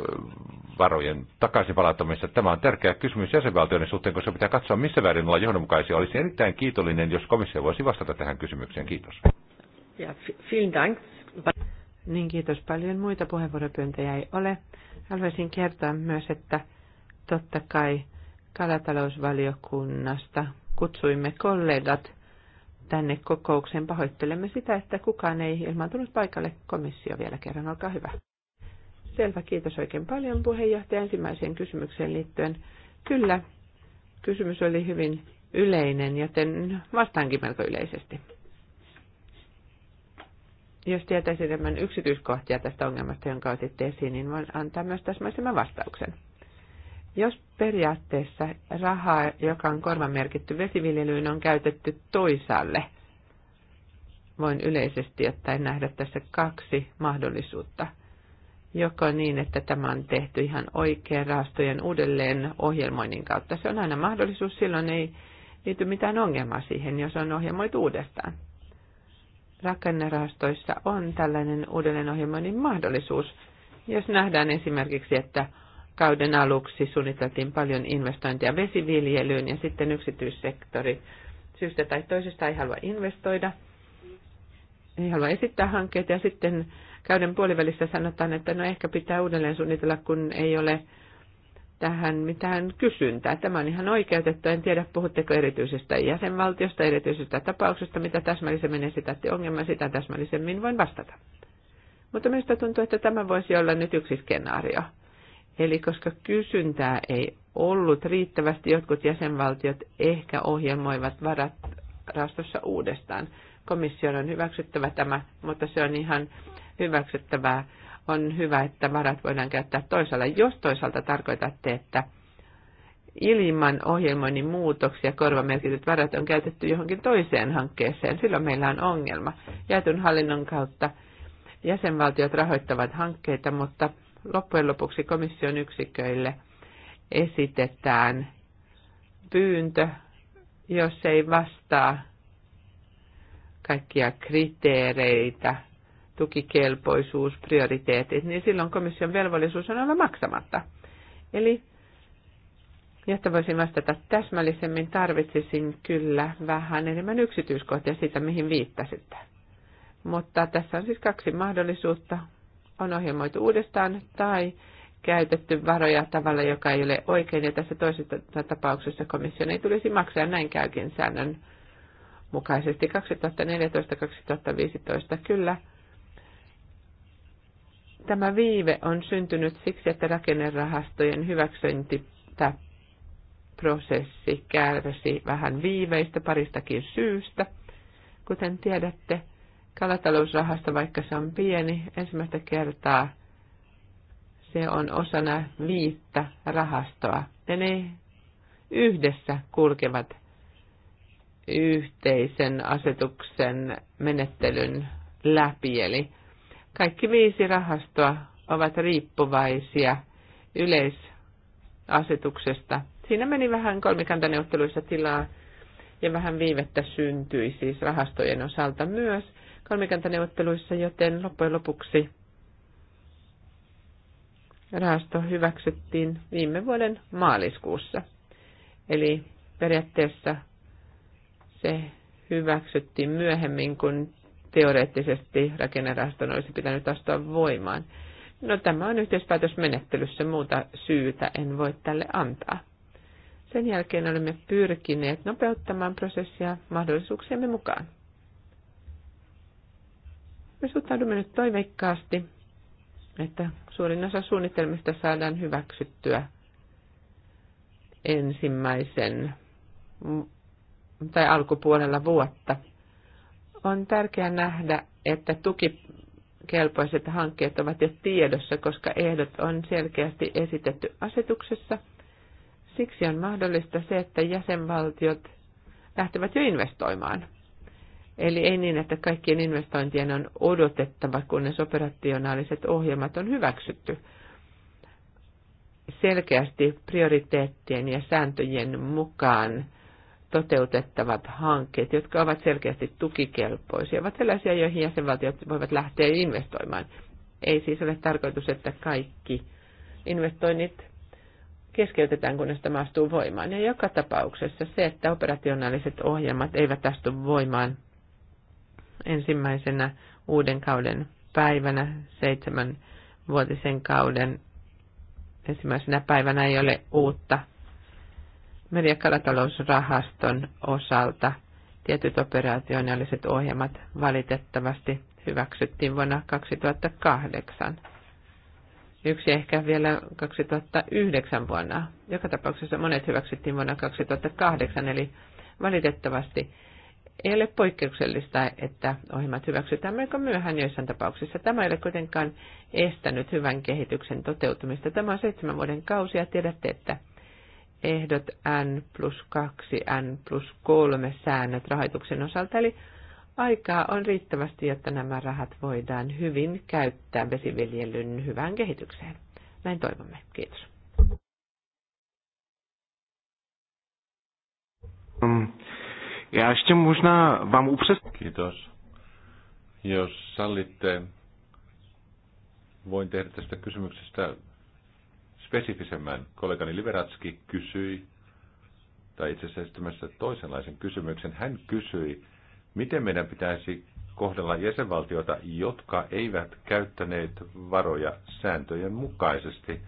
S2: varojen takaisin palauttamista. Tämä on tärkeä kysymys jäsenvaltioiden suhteen, koska pitää katsoa, missä väärin olla johdonmukaisia. Olisi erittäin kiitollinen, jos komissio voisi vastata tähän kysymykseen. Kiitos.
S1: Ja, vielen dank. Niin kiitos paljon. Muita puheenvuoropyyntöjä ei ole. Haluaisin kertoa myös, että totta kai kalatalousvaliokunnasta kutsuimme kollegat tänne kokoukseen. Pahoittelemme sitä, että kukaan ei ilmaantunut paikalle. Komissio vielä kerran, olkaa hyvä. Selvä, kiitos oikein paljon puheenjohtaja ensimmäiseen kysymykseen liittyen. Kyllä, kysymys oli hyvin yleinen, joten vastaankin melko yleisesti. Jos tietäisi enemmän yksityiskohtia tästä ongelmasta, jonka otitte esiin, niin voin antaa myös täsmäisemmän vastauksen. Jos periaatteessa rahaa, joka on korvamerkitty vesiviljelyyn, on käytetty toisaalle, voin yleisesti ottaen nähdä tässä kaksi mahdollisuutta. Joko niin, että tämä on tehty ihan oikein rahastojen uudelleen ohjelmoinnin kautta. Se on aina mahdollisuus, silloin ei liity mitään ongelmaa siihen, jos on ohjelmoitu uudestaan rakennerahastoissa on tällainen uudelleenohjelmoinnin mahdollisuus. Jos nähdään esimerkiksi, että kauden aluksi suunniteltiin paljon investointia vesiviljelyyn ja sitten yksityissektori syystä tai toisesta ei halua investoida, ei halua esittää hankkeita ja sitten kauden puolivälissä sanotaan, että no ehkä pitää uudelleen suunnitella, kun ei ole tähän mitään kysyntää. Tämä on ihan oikeutettu. En tiedä, puhutteko erityisestä jäsenvaltiosta, erityisestä tapauksesta, mitä täsmällisemmin esitätte ongelma, sitä täsmällisemmin voin vastata. Mutta minusta tuntuu, että tämä voisi olla nyt yksi skenaario. Eli koska kysyntää ei ollut riittävästi, jotkut jäsenvaltiot ehkä ohjelmoivat varat rastossa uudestaan. Komission on hyväksyttävä tämä, mutta se on ihan hyväksyttävää on hyvä, että varat voidaan käyttää toisaalla. Jos toisaalta tarkoitatte, että ilman ohjelmoinnin muutoksia korvamerkityt varat on käytetty johonkin toiseen hankkeeseen, silloin meillä on ongelma. Jäätyn hallinnon kautta jäsenvaltiot rahoittavat hankkeita, mutta loppujen lopuksi komission yksiköille esitetään pyyntö, jos ei vastaa kaikkia kriteereitä, tukikelpoisuus, prioriteetit, niin silloin komission velvollisuus on olla maksamatta. Eli jotta voisin vastata täsmällisemmin, tarvitsisin kyllä vähän enemmän yksityiskohtia siitä, mihin viittasitte. Mutta tässä on siis kaksi mahdollisuutta. On ohjelmoitu uudestaan tai käytetty varoja tavalla, joka ei ole oikein, ja tässä toisessa tapauksessa komission ei tulisi maksaa, näin käykin säännön mukaisesti 2014-2015 kyllä Tämä viive on syntynyt siksi, että rakennerahastojen hyväksyntäprosessi kärsi vähän viiveistä paristakin syystä. Kuten tiedätte, kalatalousrahasto, vaikka se on pieni, ensimmäistä kertaa se on osana viittä rahastoa. Ja ne yhdessä kulkevat yhteisen asetuksen menettelyn läpi, eli kaikki viisi rahastoa ovat riippuvaisia yleisasetuksesta. Siinä meni vähän kolmikantaneuvotteluissa tilaa ja vähän viivettä syntyi siis rahastojen osalta myös kolmikantaneuvotteluissa, joten loppujen lopuksi rahasto hyväksyttiin viime vuoden maaliskuussa. Eli periaatteessa se hyväksyttiin myöhemmin kuin teoreettisesti rakennerahaston olisi pitänyt astua voimaan. No tämä on yhteispäätösmenettelyssä, muuta syytä en voi tälle antaa. Sen jälkeen olemme pyrkineet nopeuttamaan prosessia mahdollisuuksiemme mukaan. Me suhtaudumme nyt toiveikkaasti, että suurin osa suunnitelmista saadaan hyväksyttyä ensimmäisen tai alkupuolella vuotta on tärkeää nähdä, että tukikelpoiset hankkeet ovat jo tiedossa, koska ehdot on selkeästi esitetty asetuksessa. Siksi on mahdollista se, että jäsenvaltiot lähtevät jo investoimaan. Eli ei niin, että kaikkien investointien on odotettava, kunnes operationaaliset ohjelmat on hyväksytty selkeästi prioriteettien ja sääntöjen mukaan toteutettavat hankkeet, jotka ovat selkeästi tukikelpoisia, ovat sellaisia, joihin jäsenvaltiot voivat lähteä investoimaan. Ei siis ole tarkoitus, että kaikki investoinnit keskeytetään, kunnes tämä astuu voimaan. Ja joka tapauksessa se, että operationaaliset ohjelmat eivät astu voimaan ensimmäisenä uuden kauden päivänä, seitsemänvuotisen kauden ensimmäisenä päivänä ei ole uutta meri- ja kalatalousrahaston osalta tietyt operationaaliset ohjelmat valitettavasti hyväksyttiin vuonna 2008. Yksi ehkä vielä 2009 vuonna. Joka tapauksessa monet hyväksyttiin vuonna 2008, eli valitettavasti ei ole poikkeuksellista, että ohjelmat hyväksytään melko myöhään joissain tapauksissa. Tämä ei ole kuitenkaan estänyt hyvän kehityksen toteutumista. Tämä on seitsemän vuoden kausi ja tiedätte, että ehdot N plus 2, N plus 3 säännöt rahoituksen osalta, eli aikaa on riittävästi, jotta nämä rahat voidaan hyvin käyttää vesiviljelyn hyvään kehitykseen. Näin toivomme. Kiitos.
S2: Um, Kiitos. Jos sallitte, voin tehdä tästä kysymyksestä spesifisemmän. Kollegani Liberatski kysyi, tai itse asiassa esittämässä toisenlaisen kysymyksen. Hän kysyi, miten meidän pitäisi kohdella jäsenvaltioita, jotka eivät käyttäneet varoja sääntöjen mukaisesti.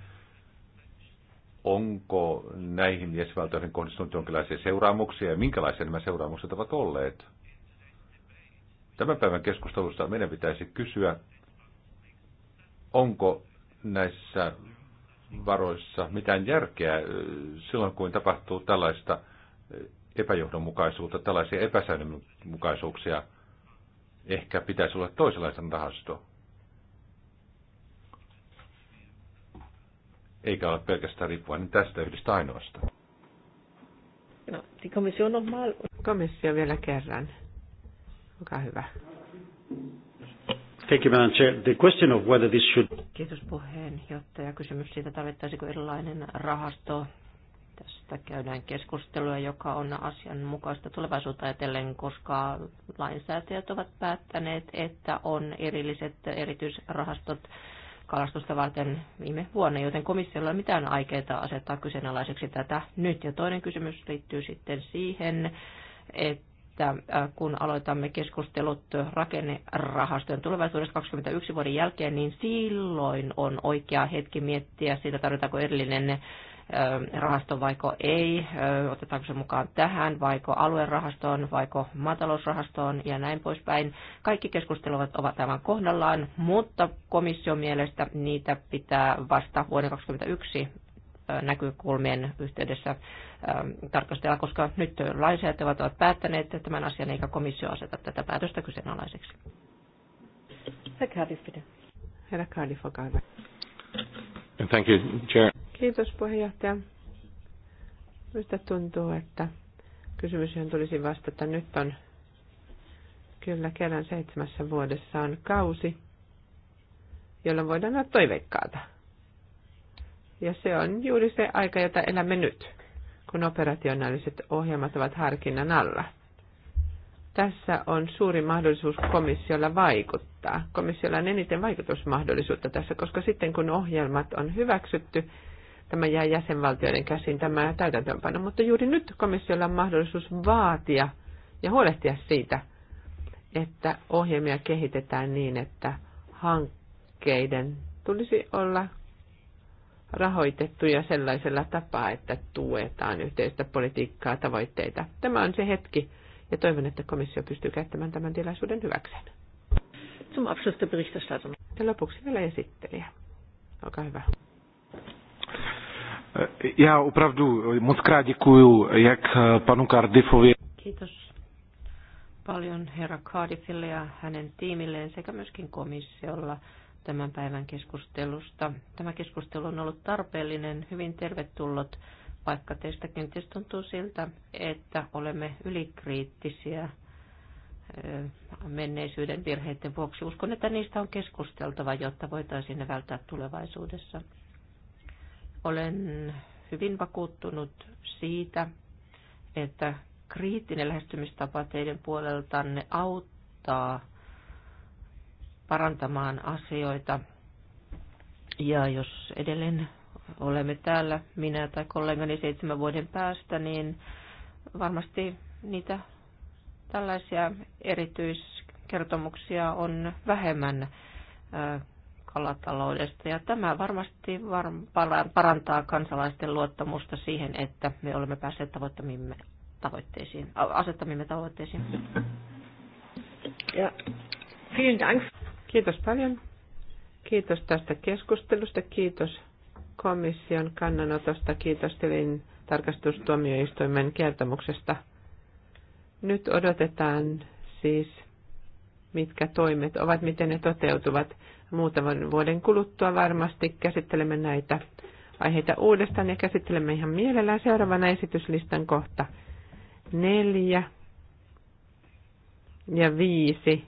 S2: Onko näihin jäsenvaltioihin kohdistunut jonkinlaisia seuraamuksia ja minkälaisia nämä seuraamukset ovat olleet? Tämän päivän keskustelusta meidän pitäisi kysyä, onko näissä varoissa mitään järkeä silloin, kun tapahtuu tällaista epäjohdonmukaisuutta, tällaisia epäsäännönmukaisuuksia. Ehkä pitäisi olla toisenlaista rahasto. Eikä ole pelkästään riippuvainen tästä yhdestä ainoasta.
S1: No, komissio on Komissio vielä kerran. Olkaa hyvä.
S2: Thank you, Madam Chair. The question of whether this should...
S3: Kiitos puheenjohtaja. Kysymys siitä, tarvittaisiko erilainen rahasto tästä käydään keskustelua, joka on asianmukaista tulevaisuutta ajatellen, koska lainsäätäjät ovat päättäneet, että on erilliset erityisrahastot kalastusta varten viime vuonna, joten komissiolla ei ole mitään aikeita asettaa kyseenalaiseksi tätä nyt. Ja toinen kysymys liittyy sitten siihen, että että äh, kun aloitamme keskustelut rakennerahastojen tulevaisuudesta 21 vuoden jälkeen, niin silloin on oikea hetki miettiä siitä, tarvitaanko erillinen äh, rahasto vaiko ei, äh, otetaanko se mukaan tähän, vaiko aluerahastoon, vaiko maatalousrahastoon ja näin poispäin. Kaikki keskustelut ovat aivan kohdallaan, mutta komission mielestä niitä pitää vasta vuoden 2021 näkökulmien yhteydessä ähm, tarkastella, koska nyt lainsäätävät ovat päättäneet tämän asian, eikä komissio aseta tätä
S1: päätöstä kyseenalaiseksi. Herra Cardiff,
S2: Thank you, Chair.
S1: Kiitos puheenjohtaja. Minusta tuntuu, että kysymys, johon tulisi vastata nyt on kyllä kerran seitsemässä vuodessa on kausi, jolla voidaan olla toiveikkaata. Ja se on juuri se aika, jota elämme nyt, kun operationaaliset ohjelmat ovat harkinnan alla. Tässä on suuri mahdollisuus komissiolla vaikuttaa. Komissiolla on eniten vaikutusmahdollisuutta tässä, koska sitten kun ohjelmat on hyväksytty, tämä jää jäsenvaltioiden käsiin tämä täytäntöönpano. Mutta juuri nyt komissiolla on mahdollisuus vaatia ja huolehtia siitä, että ohjelmia kehitetään niin, että hankkeiden tulisi olla rahoitettu ja sellaisella tapaa, että tuetaan yhteistä politiikkaa, tavoitteita. Tämä on se hetki ja toivon, että komissio pystyy käyttämään tämän tilaisuuden hyväkseen. Zum Abschluss der Berichterstattung. Ja lopuksi vielä esittelijä.
S2: Olkaa hyvä. Eh, ja opravdu eh, moc krát děkuju jak eh, panu Cardiffovi.
S3: Kiitos paljon herra Cardiffille ja hänen tiimilleen sekä myöskin komissiolla tämän päivän keskustelusta. Tämä keskustelu on ollut tarpeellinen, hyvin tervetullut, vaikka teistä kenties tuntuu siltä, että olemme ylikriittisiä menneisyyden virheiden vuoksi. Uskon, että niistä on keskusteltava, jotta voitaisiin ne välttää tulevaisuudessa. Olen hyvin vakuuttunut siitä, että kriittinen lähestymistapa teidän puoleltanne auttaa parantamaan asioita. Ja jos edelleen olemme täällä, minä tai kollegani seitsemän vuoden päästä, niin varmasti niitä tällaisia erityiskertomuksia on vähemmän kalataloudesta. Ja tämä varmasti var- parantaa kansalaisten luottamusta siihen, että me olemme päässeet tavoittamimme tavoitteisiin, asettamimme tavoitteisiin.
S1: Ja, vielen Dank. Kiitos paljon. Kiitos tästä keskustelusta. Kiitos komission kannanotosta. Kiitos tilin tarkastustuomioistuimen kertomuksesta. Nyt odotetaan siis, mitkä toimet ovat, miten ne toteutuvat. Muutaman vuoden kuluttua varmasti käsittelemme näitä aiheita uudestaan ja käsittelemme ihan mielellään seuraavana esityslistan kohta neljä ja viisi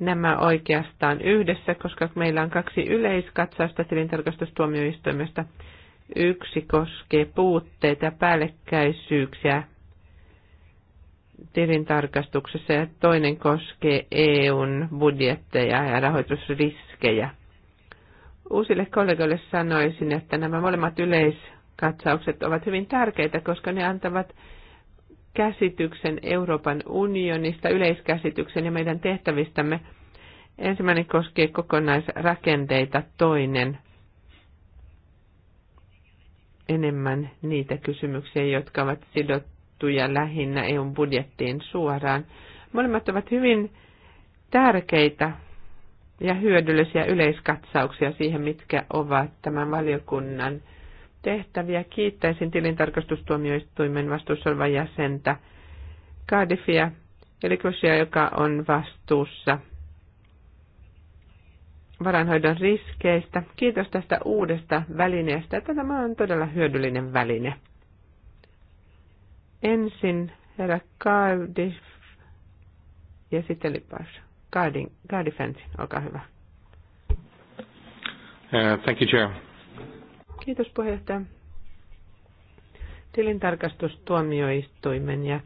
S1: nämä oikeastaan yhdessä, koska meillä on kaksi yleiskatsausta tilintarkastustuomioistuimesta. Yksi koskee puutteita ja päällekkäisyyksiä tilintarkastuksessa ja toinen koskee EUn budjetteja ja rahoitusriskejä. Uusille kollegoille sanoisin, että nämä molemmat yleiskatsaukset ovat hyvin tärkeitä, koska ne antavat käsityksen Euroopan unionista, yleiskäsityksen ja meidän tehtävistämme. Ensimmäinen koskee kokonaisrakenteita, toinen enemmän niitä kysymyksiä, jotka ovat sidottuja lähinnä EUn budjettiin suoraan. Molemmat ovat hyvin tärkeitä ja hyödyllisiä yleiskatsauksia siihen, mitkä ovat tämän valiokunnan – tehtäviä. Kiittäisin tilintarkastustuomioistuimen vastuussa olevan jäsentä Cardiffia, eli Kosia, joka on vastuussa varanhoidon riskeistä. Kiitos tästä uudesta välineestä. Tämä on todella hyödyllinen väline. Ensin herra Cardiff ja sitten Lipas. Cardiff ensin, olkaa hyvä.
S2: Uh, thank you, Chair.
S1: Kiitos puheenjohtaja. Tilintarkastustuomioistuimen ja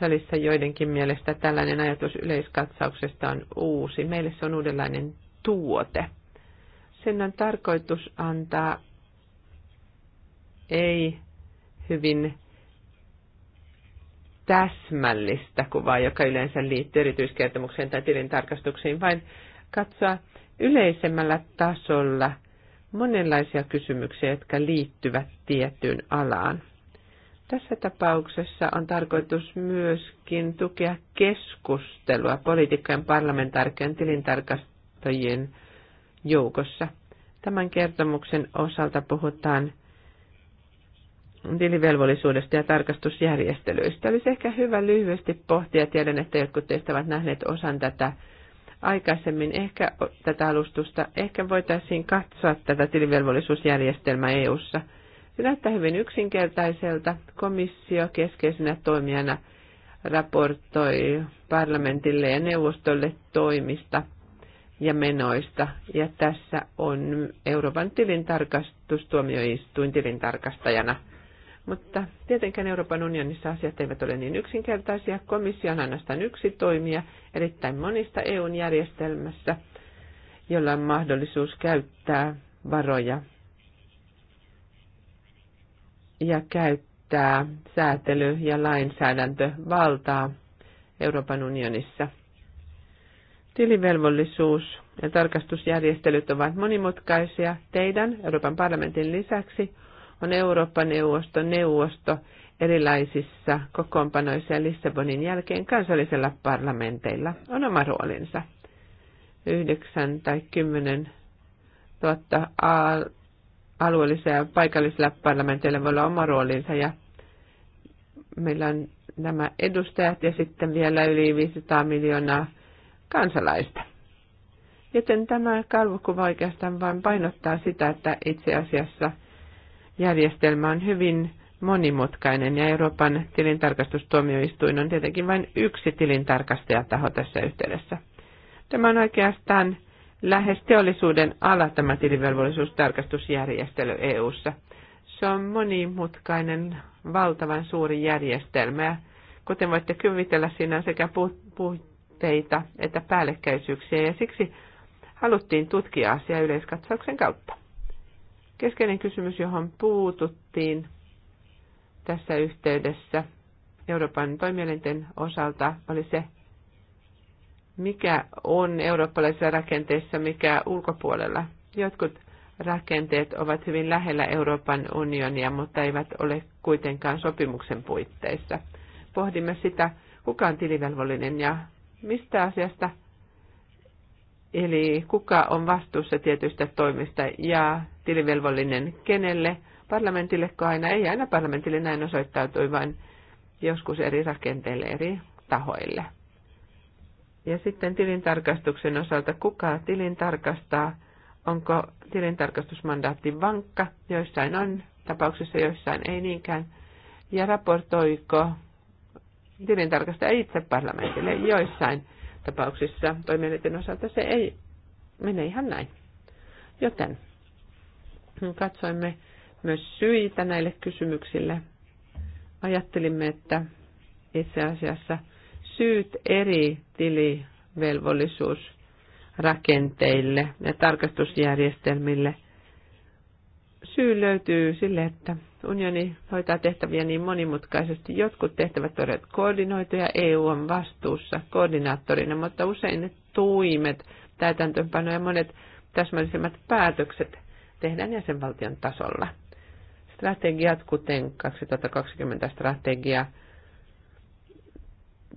S1: salissa joidenkin mielestä tällainen ajatus yleiskatsauksesta on uusi. Meille se on uudenlainen tuote. Sen on tarkoitus antaa ei hyvin täsmällistä kuvaa, joka yleensä liittyy erityiskertomukseen tai tilintarkastuksiin, vaan katsoa yleisemmällä tasolla – monenlaisia kysymyksiä, jotka liittyvät tiettyyn alaan. Tässä tapauksessa on tarkoitus myöskin tukea keskustelua poliitikkojen, parlamentaarikkojen, tilintarkastajien joukossa. Tämän kertomuksen osalta puhutaan tilivelvollisuudesta ja tarkastusjärjestelyistä. Olisi ehkä hyvä lyhyesti pohtia, tiedän, että jotkut teistä ovat nähneet osan tätä aikaisemmin ehkä tätä alustusta. Ehkä voitaisiin katsoa tätä tilivelvollisuusjärjestelmää EU:ssa. Se näyttää hyvin yksinkertaiselta. Komissio keskeisenä toimijana raportoi parlamentille ja neuvostolle toimista ja menoista. Ja tässä on Euroopan tilintarkastustuomioistuin tilintarkastajana – mutta tietenkään Euroopan unionissa asiat eivät ole niin yksinkertaisia. Komissio on ainoastaan yksi toimija erittäin monista EUn järjestelmässä, jolla on mahdollisuus käyttää varoja ja käyttää säätely- ja lainsäädäntövaltaa Euroopan unionissa. Tilivelvollisuus ja tarkastusjärjestelyt ovat monimutkaisia teidän Euroopan parlamentin lisäksi – on eurooppa neuvosto, neuvosto erilaisissa kokoonpanoissa ja Lissabonin jälkeen kansallisella parlamenteilla on oma roolinsa. Yhdeksän tai kymmenen tuotta alueellisella ja paikallisella parlamenteilla voi olla oma roolinsa ja meillä on nämä edustajat ja sitten vielä yli 500 miljoonaa kansalaista. Joten tämä kalvokuva oikeastaan vain painottaa sitä, että itse asiassa – järjestelmä on hyvin monimutkainen ja Euroopan tilintarkastustuomioistuin on tietenkin vain yksi tilintarkastajataho tässä yhteydessä. Tämä on oikeastaan lähes teollisuuden ala tämä tilivelvollisuustarkastusjärjestely EU:ssa. Se on monimutkainen, valtavan suuri järjestelmä ja kuten voitte kyvitellä, siinä on sekä puutteita että päällekkäisyyksiä ja siksi haluttiin tutkia asiaa yleiskatsauksen kautta. Keskeinen kysymys, johon puututtiin tässä yhteydessä Euroopan toimielinten osalta, oli se, mikä on eurooppalaisissa rakenteissa, mikä ulkopuolella. Jotkut rakenteet ovat hyvin lähellä Euroopan unionia, mutta eivät ole kuitenkaan sopimuksen puitteissa. Pohdimme sitä, kuka on tilivelvollinen ja mistä asiasta, eli kuka on vastuussa tietystä toimista ja tilivelvollinen kenelle, Parlamentille aina, ei aina parlamentille näin osoittautui, vaan joskus eri rakenteille, eri tahoille. Ja sitten tilintarkastuksen osalta, kuka tilintarkastaa, onko tilintarkastusmandaatti vankka, joissain on tapauksissa, joissain ei niinkään, ja raportoiko tilintarkastaja itse parlamentille joissain tapauksissa toimielinten osalta se ei mene ihan näin. Joten Katsoimme myös syitä näille kysymyksille. Ajattelimme, että itse asiassa syyt eri tilivelvollisuusrakenteille ja tarkastusjärjestelmille. Syy löytyy sille, että unioni hoitaa tehtäviä niin monimutkaisesti. Jotkut tehtävät ovat koordinoituja, EU on vastuussa koordinaattorina, mutta usein ne tuimet, täytäntöönpano ja monet täsmällisemmät päätökset tehdään jäsenvaltion tasolla. Strategiat, kuten 2020 strategia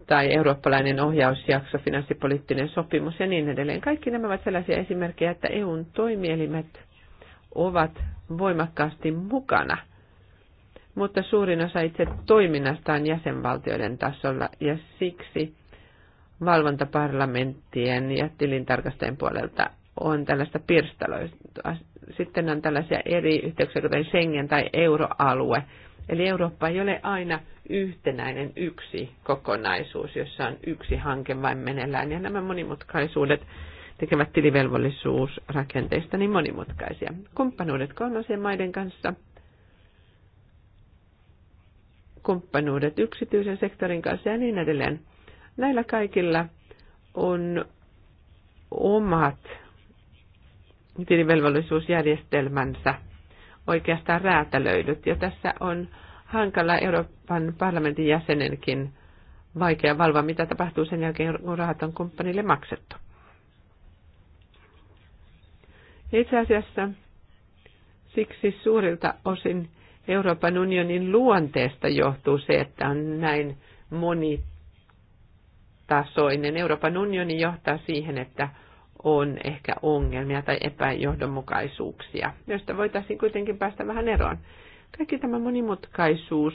S1: tai eurooppalainen ohjausjakso, finanssipoliittinen sopimus ja niin edelleen. Kaikki nämä ovat sellaisia esimerkkejä, että EUn toimielimet ovat voimakkaasti mukana – mutta suurin osa itse toiminnasta on jäsenvaltioiden tasolla ja siksi valvontaparlamenttien ja tilintarkastajien puolelta on tällaista pirstaloitua sitten on tällaisia eri yhteyksiä, kuten Schengen tai euroalue. Eli Eurooppa ei ole aina yhtenäinen yksi kokonaisuus, jossa on yksi hanke vain meneillään. Ja nämä monimutkaisuudet tekevät tilivelvollisuusrakenteista niin monimutkaisia. Kumppanuudet kolmansien maiden kanssa, kumppanuudet yksityisen sektorin kanssa ja niin edelleen. Näillä kaikilla on omat tilivelvollisuusjärjestelmänsä oikeastaan räätälöidyt. Ja tässä on hankala Euroopan parlamentin jäsenenkin vaikea valvoa, mitä tapahtuu sen jälkeen, kun rahat on kumppanille maksettu. Itse asiassa siksi suurilta osin Euroopan unionin luonteesta johtuu se, että on näin monitasoinen. Euroopan unioni johtaa siihen, että on ehkä ongelmia tai epäjohdonmukaisuuksia, joista voitaisiin kuitenkin päästä vähän eroon. Kaikki tämä monimutkaisuus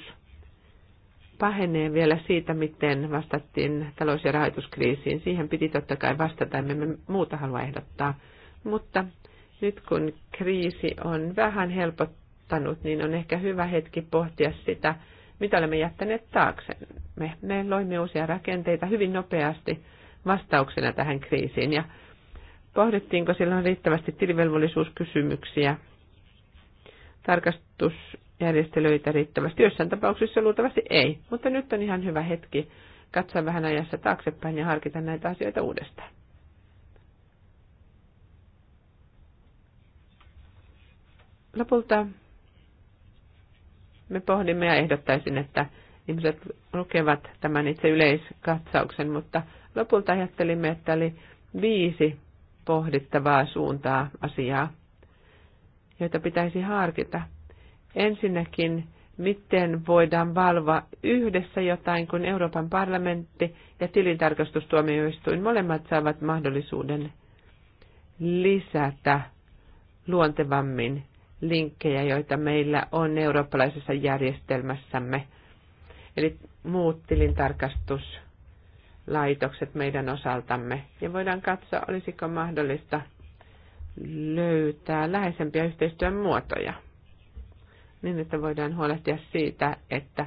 S1: pahenee vielä siitä, miten vastattiin talous- ja rahoituskriisiin. Siihen piti totta kai vastata, emme me muuta halua ehdottaa. Mutta nyt kun kriisi on vähän helpottanut, niin on ehkä hyvä hetki pohtia sitä, mitä olemme jättäneet taakse. Me, me loimme uusia rakenteita hyvin nopeasti vastauksena tähän kriisiin ja Pohdittiinko silloin riittävästi tilivelvollisuuskysymyksiä, tarkastusjärjestelyitä riittävästi? Jossain tapauksissa luultavasti ei, mutta nyt on ihan hyvä hetki katsoa vähän ajassa taaksepäin ja harkita näitä asioita uudestaan. Lopulta me pohdimme ja ehdottaisin, että ihmiset lukevat tämän itse yleiskatsauksen, mutta lopulta ajattelimme, että oli viisi pohdittavaa suuntaa asiaa, joita pitäisi harkita. Ensinnäkin, miten voidaan valvoa yhdessä jotain, kun Euroopan parlamentti ja tilintarkastustuomioistuin molemmat saavat mahdollisuuden lisätä luontevammin linkkejä, joita meillä on eurooppalaisessa järjestelmässämme. Eli muut tilintarkastus laitokset meidän osaltamme. Ja voidaan katsoa, olisiko mahdollista löytää läheisempiä yhteistyön muotoja, niin että voidaan huolehtia siitä, että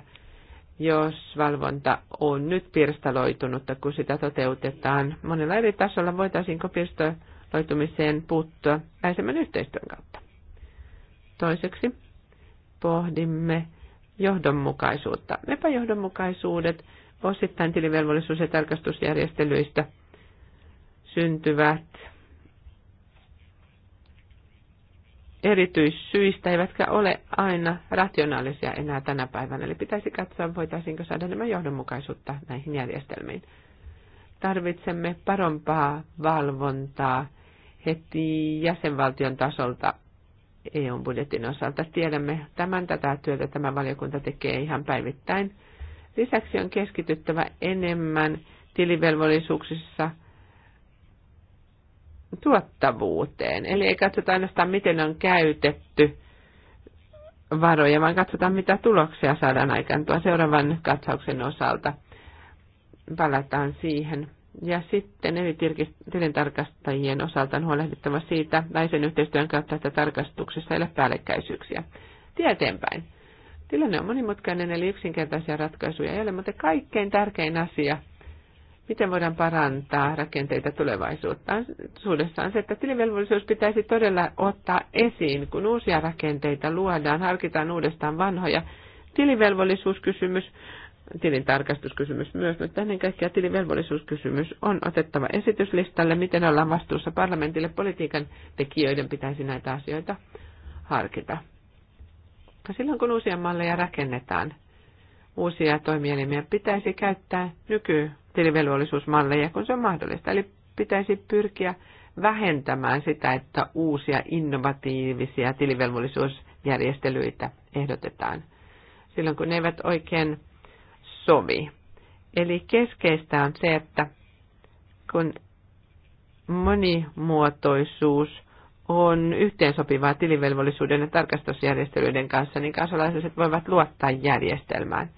S1: jos valvonta on nyt pirstaloitunutta, kun sitä toteutetaan monella eri tasolla, voitaisiinko pirstaloitumiseen puuttua läheisemmän yhteistyön kautta. Toiseksi pohdimme johdonmukaisuutta. Epäjohdonmukaisuudet osittain tilivelvollisuus- ja tarkastusjärjestelyistä syntyvät erityissyistä, eivätkä ole aina rationaalisia enää tänä päivänä. Eli pitäisi katsoa, voitaisiinko saada enemmän johdonmukaisuutta näihin järjestelmiin. Tarvitsemme parompaa valvontaa heti jäsenvaltion tasolta eu budjetin osalta. Tiedämme tämän tätä työtä, tämä valiokunta tekee ihan päivittäin – Lisäksi on keskityttävä enemmän tilivelvollisuuksissa tuottavuuteen. Eli ei katsota ainoastaan, miten on käytetty varoja, vaan katsotaan, mitä tuloksia saadaan aikaan tuon seuraavan katsauksen osalta. Palataan siihen. Ja sitten eri tilintarkastajien osalta on huolehdittava siitä naisen yhteistyön kautta, että tarkastuksessa ei ole päällekkäisyyksiä. Tieteenpäin. Tilanne on monimutkainen, eli yksinkertaisia ratkaisuja ei ole, mutta kaikkein tärkein asia, miten voidaan parantaa rakenteita tulevaisuuttaan, on se, että tilivelvollisuus pitäisi todella ottaa esiin, kun uusia rakenteita luodaan, harkitaan uudestaan vanhoja. Tilivelvollisuuskysymys, tilintarkastuskysymys myös, mutta ennen kaikkea tilivelvollisuuskysymys on otettava esityslistalle, miten ollaan vastuussa parlamentille, politiikan tekijöiden pitäisi näitä asioita harkita koska silloin kun uusia malleja rakennetaan, uusia toimielimiä pitäisi käyttää nykytilivelvollisuusmalleja, kun se on mahdollista. Eli pitäisi pyrkiä vähentämään sitä, että uusia innovatiivisia tilivelvollisuusjärjestelyitä ehdotetaan silloin, kun ne eivät oikein sovi. Eli keskeistä on se, että kun monimuotoisuus – on yhteensopivaa tilivelvollisuuden ja tarkastusjärjestelyiden kanssa, niin kansalaiset voivat luottaa järjestelmään.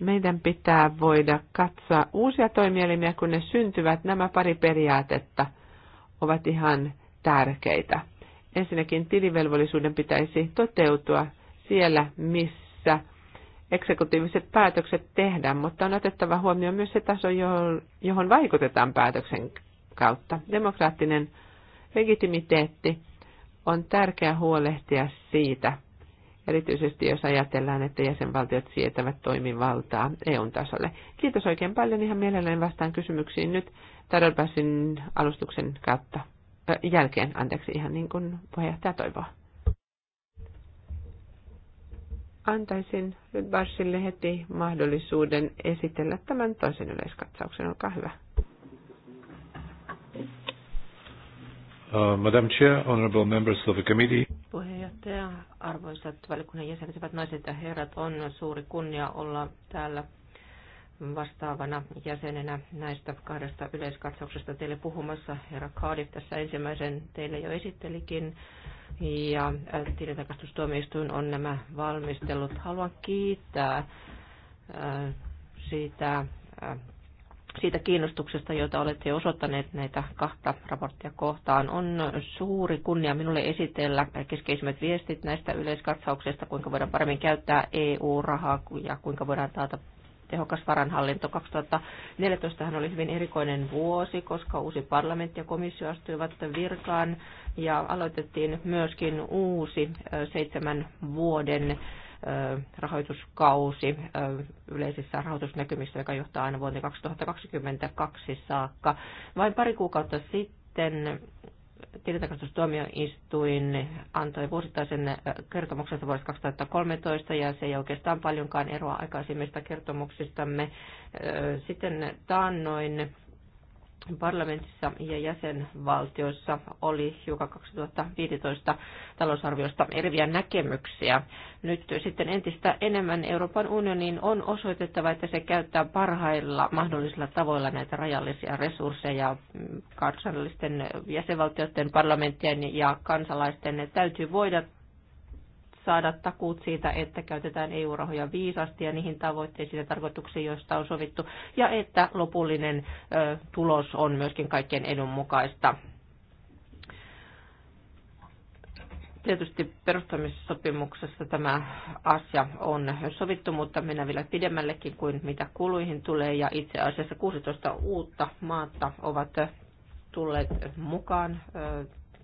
S1: Meidän pitää voida katsoa uusia toimielimiä, kun ne syntyvät. Nämä pari periaatetta ovat ihan tärkeitä. Ensinnäkin tilivelvollisuuden pitäisi toteutua siellä, missä eksekutiiviset päätökset tehdään, mutta on otettava huomioon myös se taso, johon vaikutetaan päätöksen kautta. Demokraattinen Legitimiteetti on tärkeää huolehtia siitä, erityisesti jos ajatellaan, että jäsenvaltiot sietävät toimivaltaa eu tasolle. Kiitos oikein paljon. Ihan mielelläni vastaan kysymyksiin nyt Tarolbassin alustuksen kautta, äh, jälkeen, anteeksi, ihan niin kuin puheenjohtaja toivoo. Antaisin Rydbarsille heti mahdollisuuden esitellä tämän toisen yleiskatsauksen. Olkaa hyvä.
S2: Uh, Madam Chair, honorable members of the committee.
S3: Puheenjohtaja, arvoisat valiokunnan jäsenet, hyvät naiset ja herrat, on suuri kunnia olla täällä vastaavana jäsenenä näistä kahdesta yleiskatsauksesta teille puhumassa. Herra Cardiff tässä ensimmäisen teille jo esittelikin ja äh, tilintarkastustuomioistuin on nämä valmistellut. Haluan kiittää äh, siitä äh, siitä kiinnostuksesta, jota olette osoittaneet näitä kahta raporttia kohtaan. On suuri kunnia minulle esitellä keskeisimmät viestit näistä yleiskatsauksista, kuinka voidaan paremmin käyttää EU-rahaa ja kuinka voidaan taata tehokas varanhallinto. 2014 hän oli hyvin erikoinen vuosi, koska uusi parlamentti ja komissio astuivat virkaan ja aloitettiin myöskin uusi seitsemän vuoden rahoituskausi yleisissä rahoitusnäkymissä, joka johtaa aina vuoteen 2022 saakka. Vain pari kuukautta sitten tilintarkastustuomioistuin antoi vuosittaisen kertomuksensa vuodesta 2013 ja se ei oikeastaan paljonkaan eroa aikaisemmista kertomuksistamme. Sitten taannoin parlamentissa ja jäsenvaltioissa oli joka 2015 talousarviosta eriviä näkemyksiä. Nyt sitten entistä enemmän Euroopan unionin on osoitettava, että se käyttää parhailla mahdollisilla tavoilla näitä rajallisia resursseja. Kansallisten jäsenvaltioiden parlamenttien ja kansalaisten täytyy voida saada takuut siitä, että käytetään EU-rahoja viisasti ja niihin tavoitteisiin ja tarkoituksiin, joista on sovittu, ja että lopullinen tulos on myöskin kaikkien edun mukaista. Tietysti perustamissopimuksessa tämä asia on sovittu, mutta mennään vielä pidemmällekin kuin mitä kuluihin tulee. Ja itse asiassa 16 uutta maata ovat tulleet mukaan.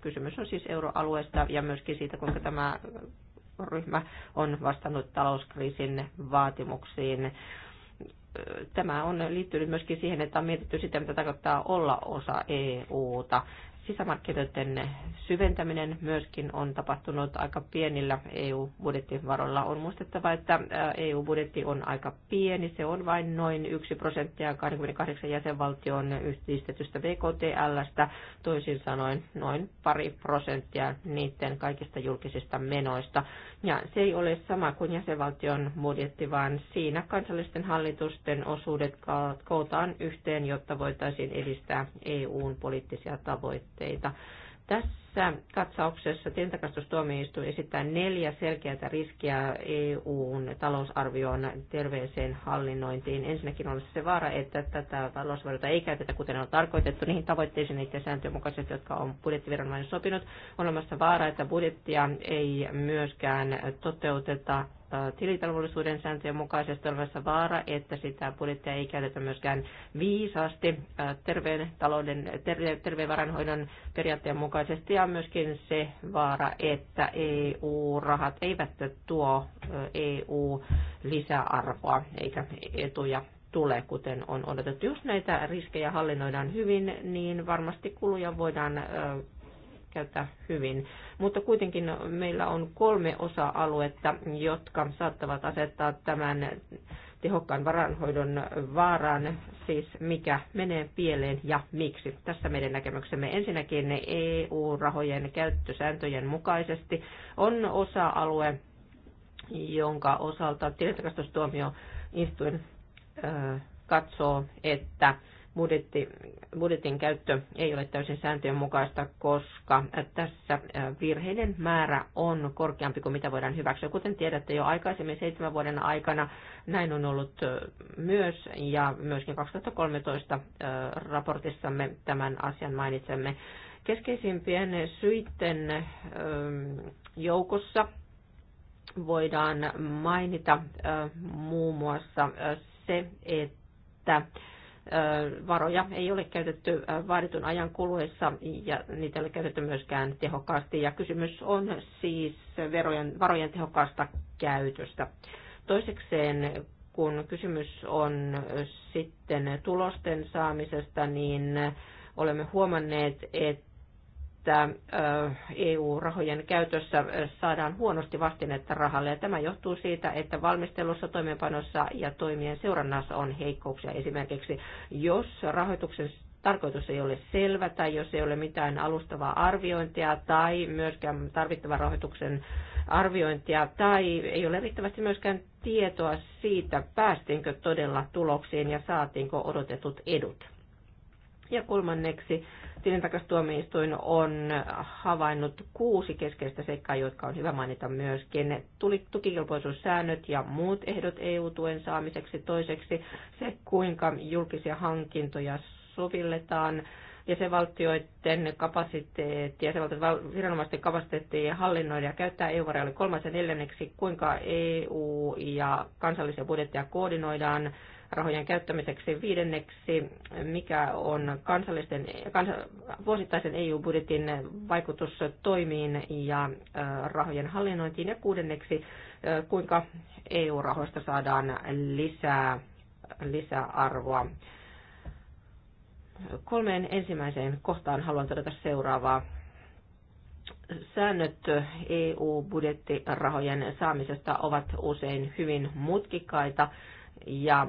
S3: Kysymys on siis euroalueesta ja myöskin siitä, kuinka tämä ryhmä on vastannut talouskriisin vaatimuksiin. Tämä on liittynyt myöskin siihen, että on mietitty sitä, mitä tarkoittaa olla osa EUta sisämarkkinoiden syventäminen myöskin on tapahtunut aika pienillä EU-budjettivaroilla. On muistettava, että EU-budjetti on aika pieni. Se on vain noin 1 prosenttia 28 jäsenvaltion yhdistetystä BKTLstä, toisin sanoen noin pari prosenttia niiden kaikista julkisista menoista. Ja se ei ole sama kuin jäsenvaltion budjetti, vaan siinä kansallisten hallitusten osuudet kootaan yhteen, jotta voitaisiin edistää EUn poliittisia tavoitteita aloitteita. Tässä katsauksessa tilintakastustuomioistuin esittää neljä selkeää riskiä EUn talousarvioon terveeseen hallinnointiin. Ensinnäkin on se vaara, että tätä talousvaroita ei käytetä, kuten on tarkoitettu, niihin tavoitteisiin niiden sääntöjen mukaisesti, jotka on budjettiviranomainen sopinut. On olemassa vaara, että budjettia ei myöskään toteuteta tilitalvollisuuden sääntöjen mukaisesti olemassa vaara, että sitä budjettia ei käytetä myöskään viisaasti terveen talouden, terve, terveen varainhoidon periaatteen mukaisesti ja myöskin se vaara, että EU-rahat eivät tuo EU-lisäarvoa eikä etuja tule, kuten on odotettu. Jos näitä riskejä hallinnoidaan hyvin, niin varmasti kuluja voidaan käyttää hyvin. Mutta kuitenkin meillä on kolme osa-aluetta, jotka saattavat asettaa tämän tehokkaan varanhoidon vaaraan, siis mikä menee pieleen ja miksi. Tässä meidän näkemyksemme ensinnäkin EU-rahojen käyttösääntöjen mukaisesti on osa-alue, jonka osalta tilintarkastustuomio istuin katsoo, että budjetti, budjetin käyttö ei ole täysin sääntöjen mukaista, koska tässä virheiden määrä on korkeampi kuin mitä voidaan hyväksyä. Kuten tiedätte jo aikaisemmin seitsemän vuoden aikana näin on ollut myös ja myöskin 2013 raportissamme tämän asian mainitsemme. Keskeisimpien syiden joukossa voidaan mainita muun muassa se, että varoja ei ole käytetty vaaditun ajan kuluessa ja niitä ei ole käytetty myöskään tehokkaasti. Ja kysymys on siis verojen, varojen tehokkaasta käytöstä. Toisekseen, kun kysymys on sitten tulosten saamisesta, niin olemme huomanneet, että että EU-rahojen käytössä saadaan huonosti vastinetta rahalle. Ja tämä johtuu siitä, että valmistelussa, toimeenpanossa ja toimien seurannassa on heikkouksia. Esimerkiksi jos rahoituksen tarkoitus ei ole selvä tai jos ei ole mitään alustavaa arviointia tai myöskään tarvittavan rahoituksen arviointia tai ei ole riittävästi myöskään tietoa siitä, päästiinkö todella tuloksiin ja saatiinko odotetut edut. Ja kolmanneksi tilintarkastustuomioistuin on havainnut kuusi keskeistä seikkaa, jotka on hyvä mainita myöskin. Tuli tukikelpoisuussäännöt ja muut ehdot EU-tuen saamiseksi. Toiseksi se, kuinka julkisia hankintoja sovelletaan jäsenvaltioiden kapasiteetti, jäsenvaltioiden viranomaisten kapasiteetti hallinnoida ja käyttää eu oli kolmas ja neljänneksi, kuinka EU ja kansallisia budjetteja koordinoidaan rahojen käyttämiseksi. Viidenneksi, mikä on kansallisten, kans, vuosittaisen EU-budjetin vaikutus toimiin ja rahojen hallinnointiin. Ja kuudenneksi, kuinka EU-rahoista saadaan lisää, lisäarvoa. Kolmeen ensimmäiseen kohtaan haluan todeta seuraavaa säännöt EU-budjettirahojen saamisesta ovat usein hyvin mutkikkaita ja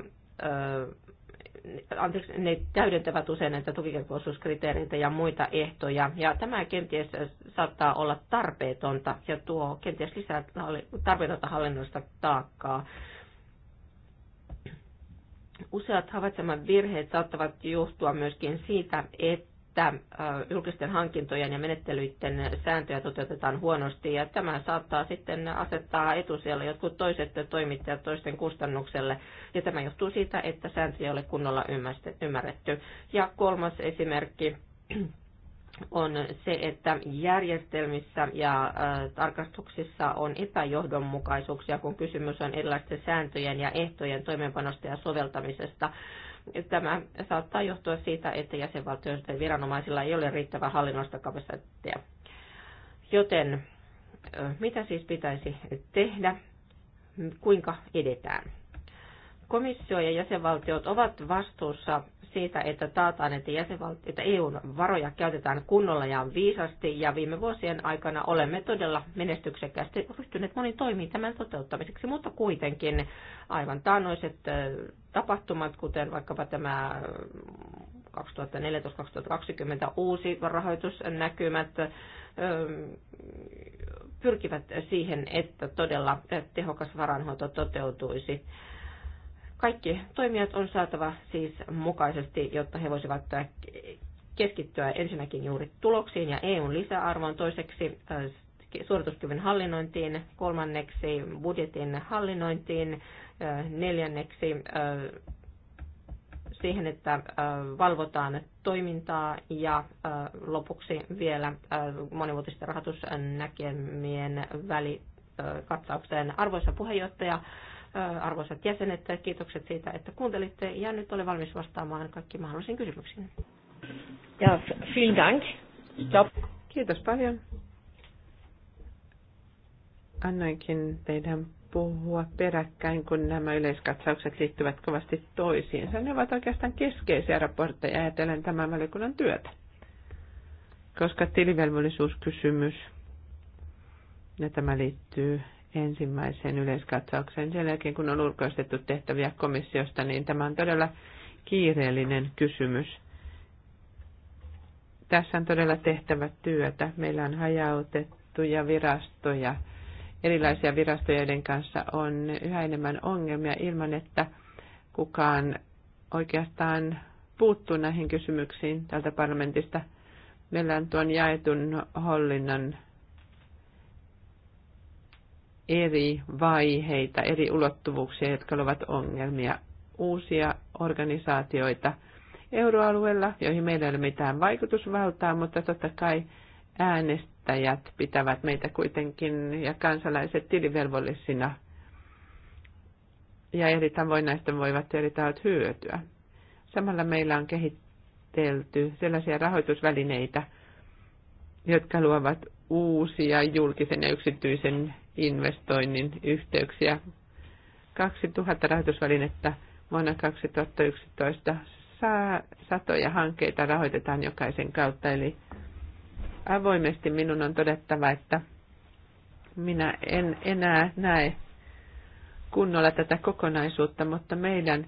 S3: anteeksi, ne täydentävät usein näitä tukikelpoisuuskriteereitä ja muita ehtoja, ja tämä kenties saattaa olla tarpeetonta ja tuo kenties lisää tarpeetonta hallinnollista taakkaa. Useat havaitsemat virheet saattavat johtua myöskin siitä, että että julkisten hankintojen ja menettelyiden sääntöjä toteutetaan huonosti ja tämä saattaa sitten asettaa etusijalle jotkut toiset toimittajat toisten kustannukselle ja tämä johtuu siitä, että sääntöjä ei ole kunnolla ymmärretty. Ja kolmas esimerkki on se, että järjestelmissä ja tarkastuksissa on epäjohdonmukaisuuksia, kun kysymys on erilaisten sääntöjen ja ehtojen toimeenpanosta ja soveltamisesta. Tämä saattaa johtua siitä, että jäsenvaltioiden viranomaisilla ei ole riittävää hallinnosta kapasiteettia. Joten mitä siis pitäisi tehdä? Kuinka edetään? Komissio ja jäsenvaltiot ovat vastuussa siitä, että taataan, että, jäsenval- että EUn varoja käytetään kunnolla ja viisasti, ja viime vuosien aikana olemme todella menestyksekkäästi ryhtyneet moniin toimiin tämän toteuttamiseksi, mutta kuitenkin aivan taannoiset tapahtumat, kuten vaikkapa tämä 2014-2020 uusi rahoitusnäkymät, pyrkivät siihen, että todella tehokas varanhoito toteutuisi kaikki toimijat on saatava siis mukaisesti, jotta he voisivat äh, keskittyä ensinnäkin juuri tuloksiin ja EUn lisäarvoon, toiseksi äh, suorituskyvyn hallinnointiin, kolmanneksi budjetin hallinnointiin, äh, neljänneksi siihen, että valvotaan toimintaa ja lopuksi vielä monivuotisten rahoitusnäkemien välikatsaukseen. Arvoisa puheenjohtaja, arvoisat jäsenet, kiitokset siitä, että kuuntelitte ja nyt olen valmis vastaamaan kaikkiin mahdollisiin kysymyksiin.
S1: Ja, vielen dank. Stop. Kiitos paljon. Annoinkin teidän puhua peräkkäin, kun nämä yleiskatsaukset liittyvät kovasti toisiinsa. Ne ovat oikeastaan keskeisiä raportteja ajatellen tämän valiokunnan työtä. Koska tilivelvollisuuskysymys, ja tämä liittyy ensimmäiseen yleiskatsaukseen. Sen jälkeen, kun on ulkoistettu tehtäviä komissiosta, niin tämä on todella kiireellinen kysymys. Tässä on todella tehtävä työtä. Meillä on hajautettuja virastoja, erilaisia virastoja, joiden kanssa on yhä enemmän ongelmia ilman, että kukaan oikeastaan puuttuu näihin kysymyksiin tältä parlamentista. Meillä on tuon jaetun hallinnan eri vaiheita, eri ulottuvuuksia, jotka ovat ongelmia, uusia organisaatioita euroalueella, joihin meillä ei ole mitään vaikutusvaltaa, mutta totta kai äänestäjät pitävät meitä kuitenkin ja kansalaiset tilivelvollisina ja eri tavoin näistä voivat eri tahot hyötyä. Samalla meillä on kehitelty sellaisia rahoitusvälineitä, jotka luovat uusia julkisen ja yksityisen investoinnin yhteyksiä. 2000 rahoitusvälinettä vuonna 2011 satoja hankkeita rahoitetaan jokaisen kautta, eli avoimesti minun on todettava, että minä en enää näe kunnolla tätä kokonaisuutta, mutta meidän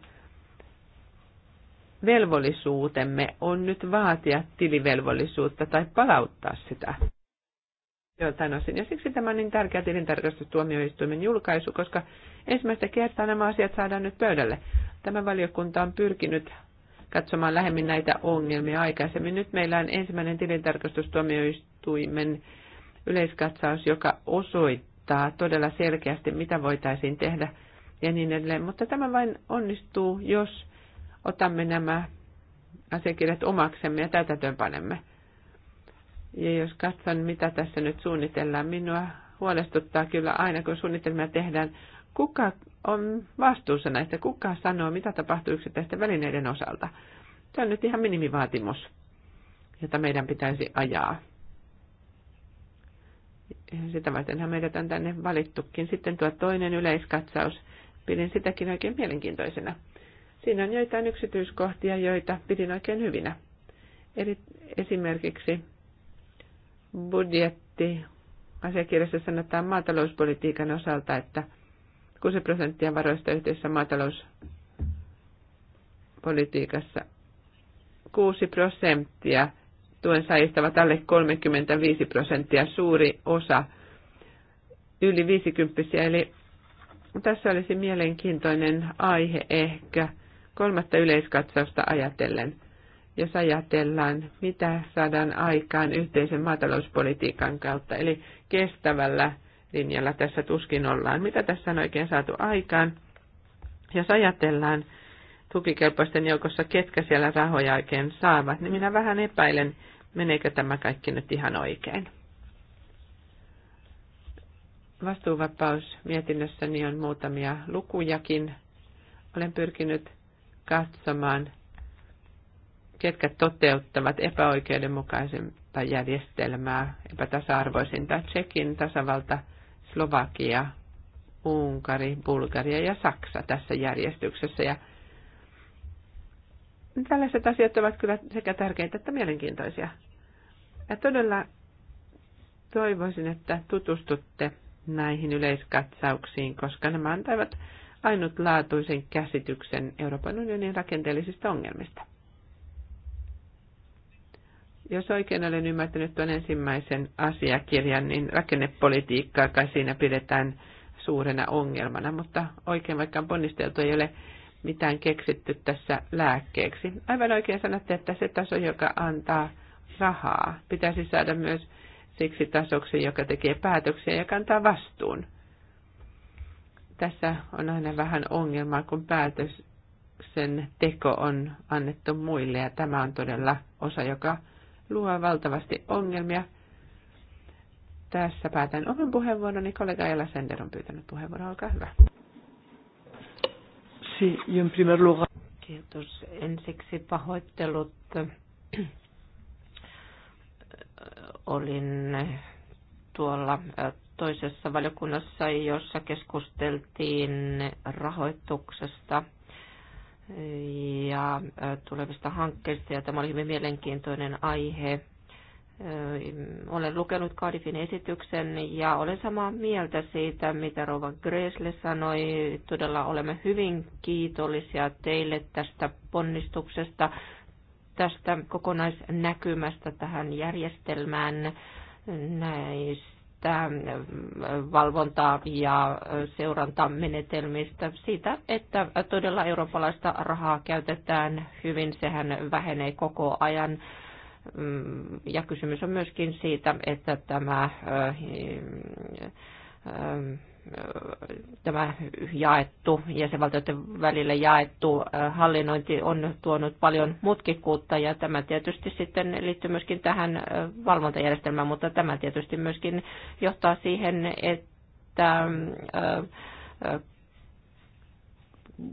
S1: velvollisuutemme on nyt vaatia tilivelvollisuutta tai palauttaa sitä joltain osin. Ja siksi tämä on niin tärkeä tilintarkastustuomioistuimen julkaisu, koska ensimmäistä kertaa nämä asiat saadaan nyt pöydälle. Tämä valiokunta on pyrkinyt katsomaan lähemmin näitä ongelmia aikaisemmin. Nyt meillä on ensimmäinen tilintarkastustuomioistuimen yleiskatsaus, joka osoittaa todella selkeästi, mitä voitaisiin tehdä ja niin edelleen. Mutta tämä vain onnistuu, jos otamme nämä asiakirjat omaksemme ja täytäntöönpanemme. Ja jos katson, mitä tässä nyt suunnitellaan, minua huolestuttaa kyllä aina, kun suunnitelmia tehdään, kuka on vastuussa näistä, kuka sanoo, mitä tapahtuu yksittäisten välineiden osalta. Tämä on nyt ihan minimivaatimus, jota meidän pitäisi ajaa. Sitä vartenhan meidät on tänne valittukin. Sitten tuo toinen yleiskatsaus. Pidin sitäkin oikein mielenkiintoisena. Siinä on joitain yksityiskohtia, joita pidin oikein hyvinä. Eli esimerkiksi budjetti asiakirjassa sanotaan maatalouspolitiikan osalta, että 6 prosenttia varoista yhteisessä maatalouspolitiikassa 6 prosenttia tuen saajista ovat alle 35 prosenttia, suuri osa yli 50. Eli tässä olisi mielenkiintoinen aihe ehkä kolmatta yleiskatsausta ajatellen jos ajatellaan, mitä saadaan aikaan yhteisen maatalouspolitiikan kautta, eli kestävällä linjalla tässä tuskin ollaan. Mitä tässä on oikein saatu aikaan? Jos ajatellaan tukikelpoisten joukossa, ketkä siellä rahoja oikein saavat, niin minä vähän epäilen, meneekö tämä kaikki nyt ihan oikein. Vastuuvapaus mietinnössäni on muutamia lukujakin. Olen pyrkinyt katsomaan ketkä toteuttavat epäoikeudenmukaisinta järjestelmää, epätasa-arvoisinta Tsekin tasavalta, Slovakia, Unkari, Bulgaria ja Saksa tässä järjestyksessä. Ja tällaiset asiat ovat kyllä sekä tärkeitä että mielenkiintoisia. Ja todella toivoisin, että tutustutte näihin yleiskatsauksiin, koska nämä antavat ainutlaatuisen käsityksen Euroopan unionin rakenteellisista ongelmista. Jos oikein olen ymmärtänyt tuon ensimmäisen asiakirjan, niin rakennepolitiikkaa kai siinä pidetään suurena ongelmana, mutta oikein vaikka on ponnisteltu, ei ole mitään keksitty tässä lääkkeeksi. Aivan oikein sanotte, että se taso, joka antaa rahaa, pitäisi saada myös siksi tasoksi, joka tekee päätöksiä ja kantaa vastuun. Tässä on aina vähän ongelmaa, kun päätös sen teko on annettu muille ja tämä on todella osa, joka luo valtavasti ongelmia. Tässä päätän oman puheenvuoroni. Kollega Ella Sender on pyytänyt puheenvuoron. Olkaa hyvä. Kiitos. Ensiksi pahoittelut.
S3: Olin tuolla toisessa valiokunnassa, jossa keskusteltiin rahoituksesta – ja tulevista hankkeista, ja tämä oli hyvin mielenkiintoinen aihe. Olen lukenut Cardiffin esityksen ja olen samaa mieltä siitä, mitä Rova Gresle sanoi. Todella olemme hyvin kiitollisia teille tästä ponnistuksesta, tästä kokonaisnäkymästä tähän järjestelmään. Näin että valvonta- ja seurantamenetelmistä siitä, että todella eurooppalaista rahaa käytetään hyvin, sehän vähenee koko ajan. Mm, ja kysymys on myöskin siitä, että tämä tämä jaettu, jäsenvaltioiden välillä jaettu hallinnointi on tuonut paljon mutkikkuutta ja tämä tietysti sitten liittyy myöskin tähän valvontajärjestelmään, mutta tämä tietysti myöskin johtaa siihen, että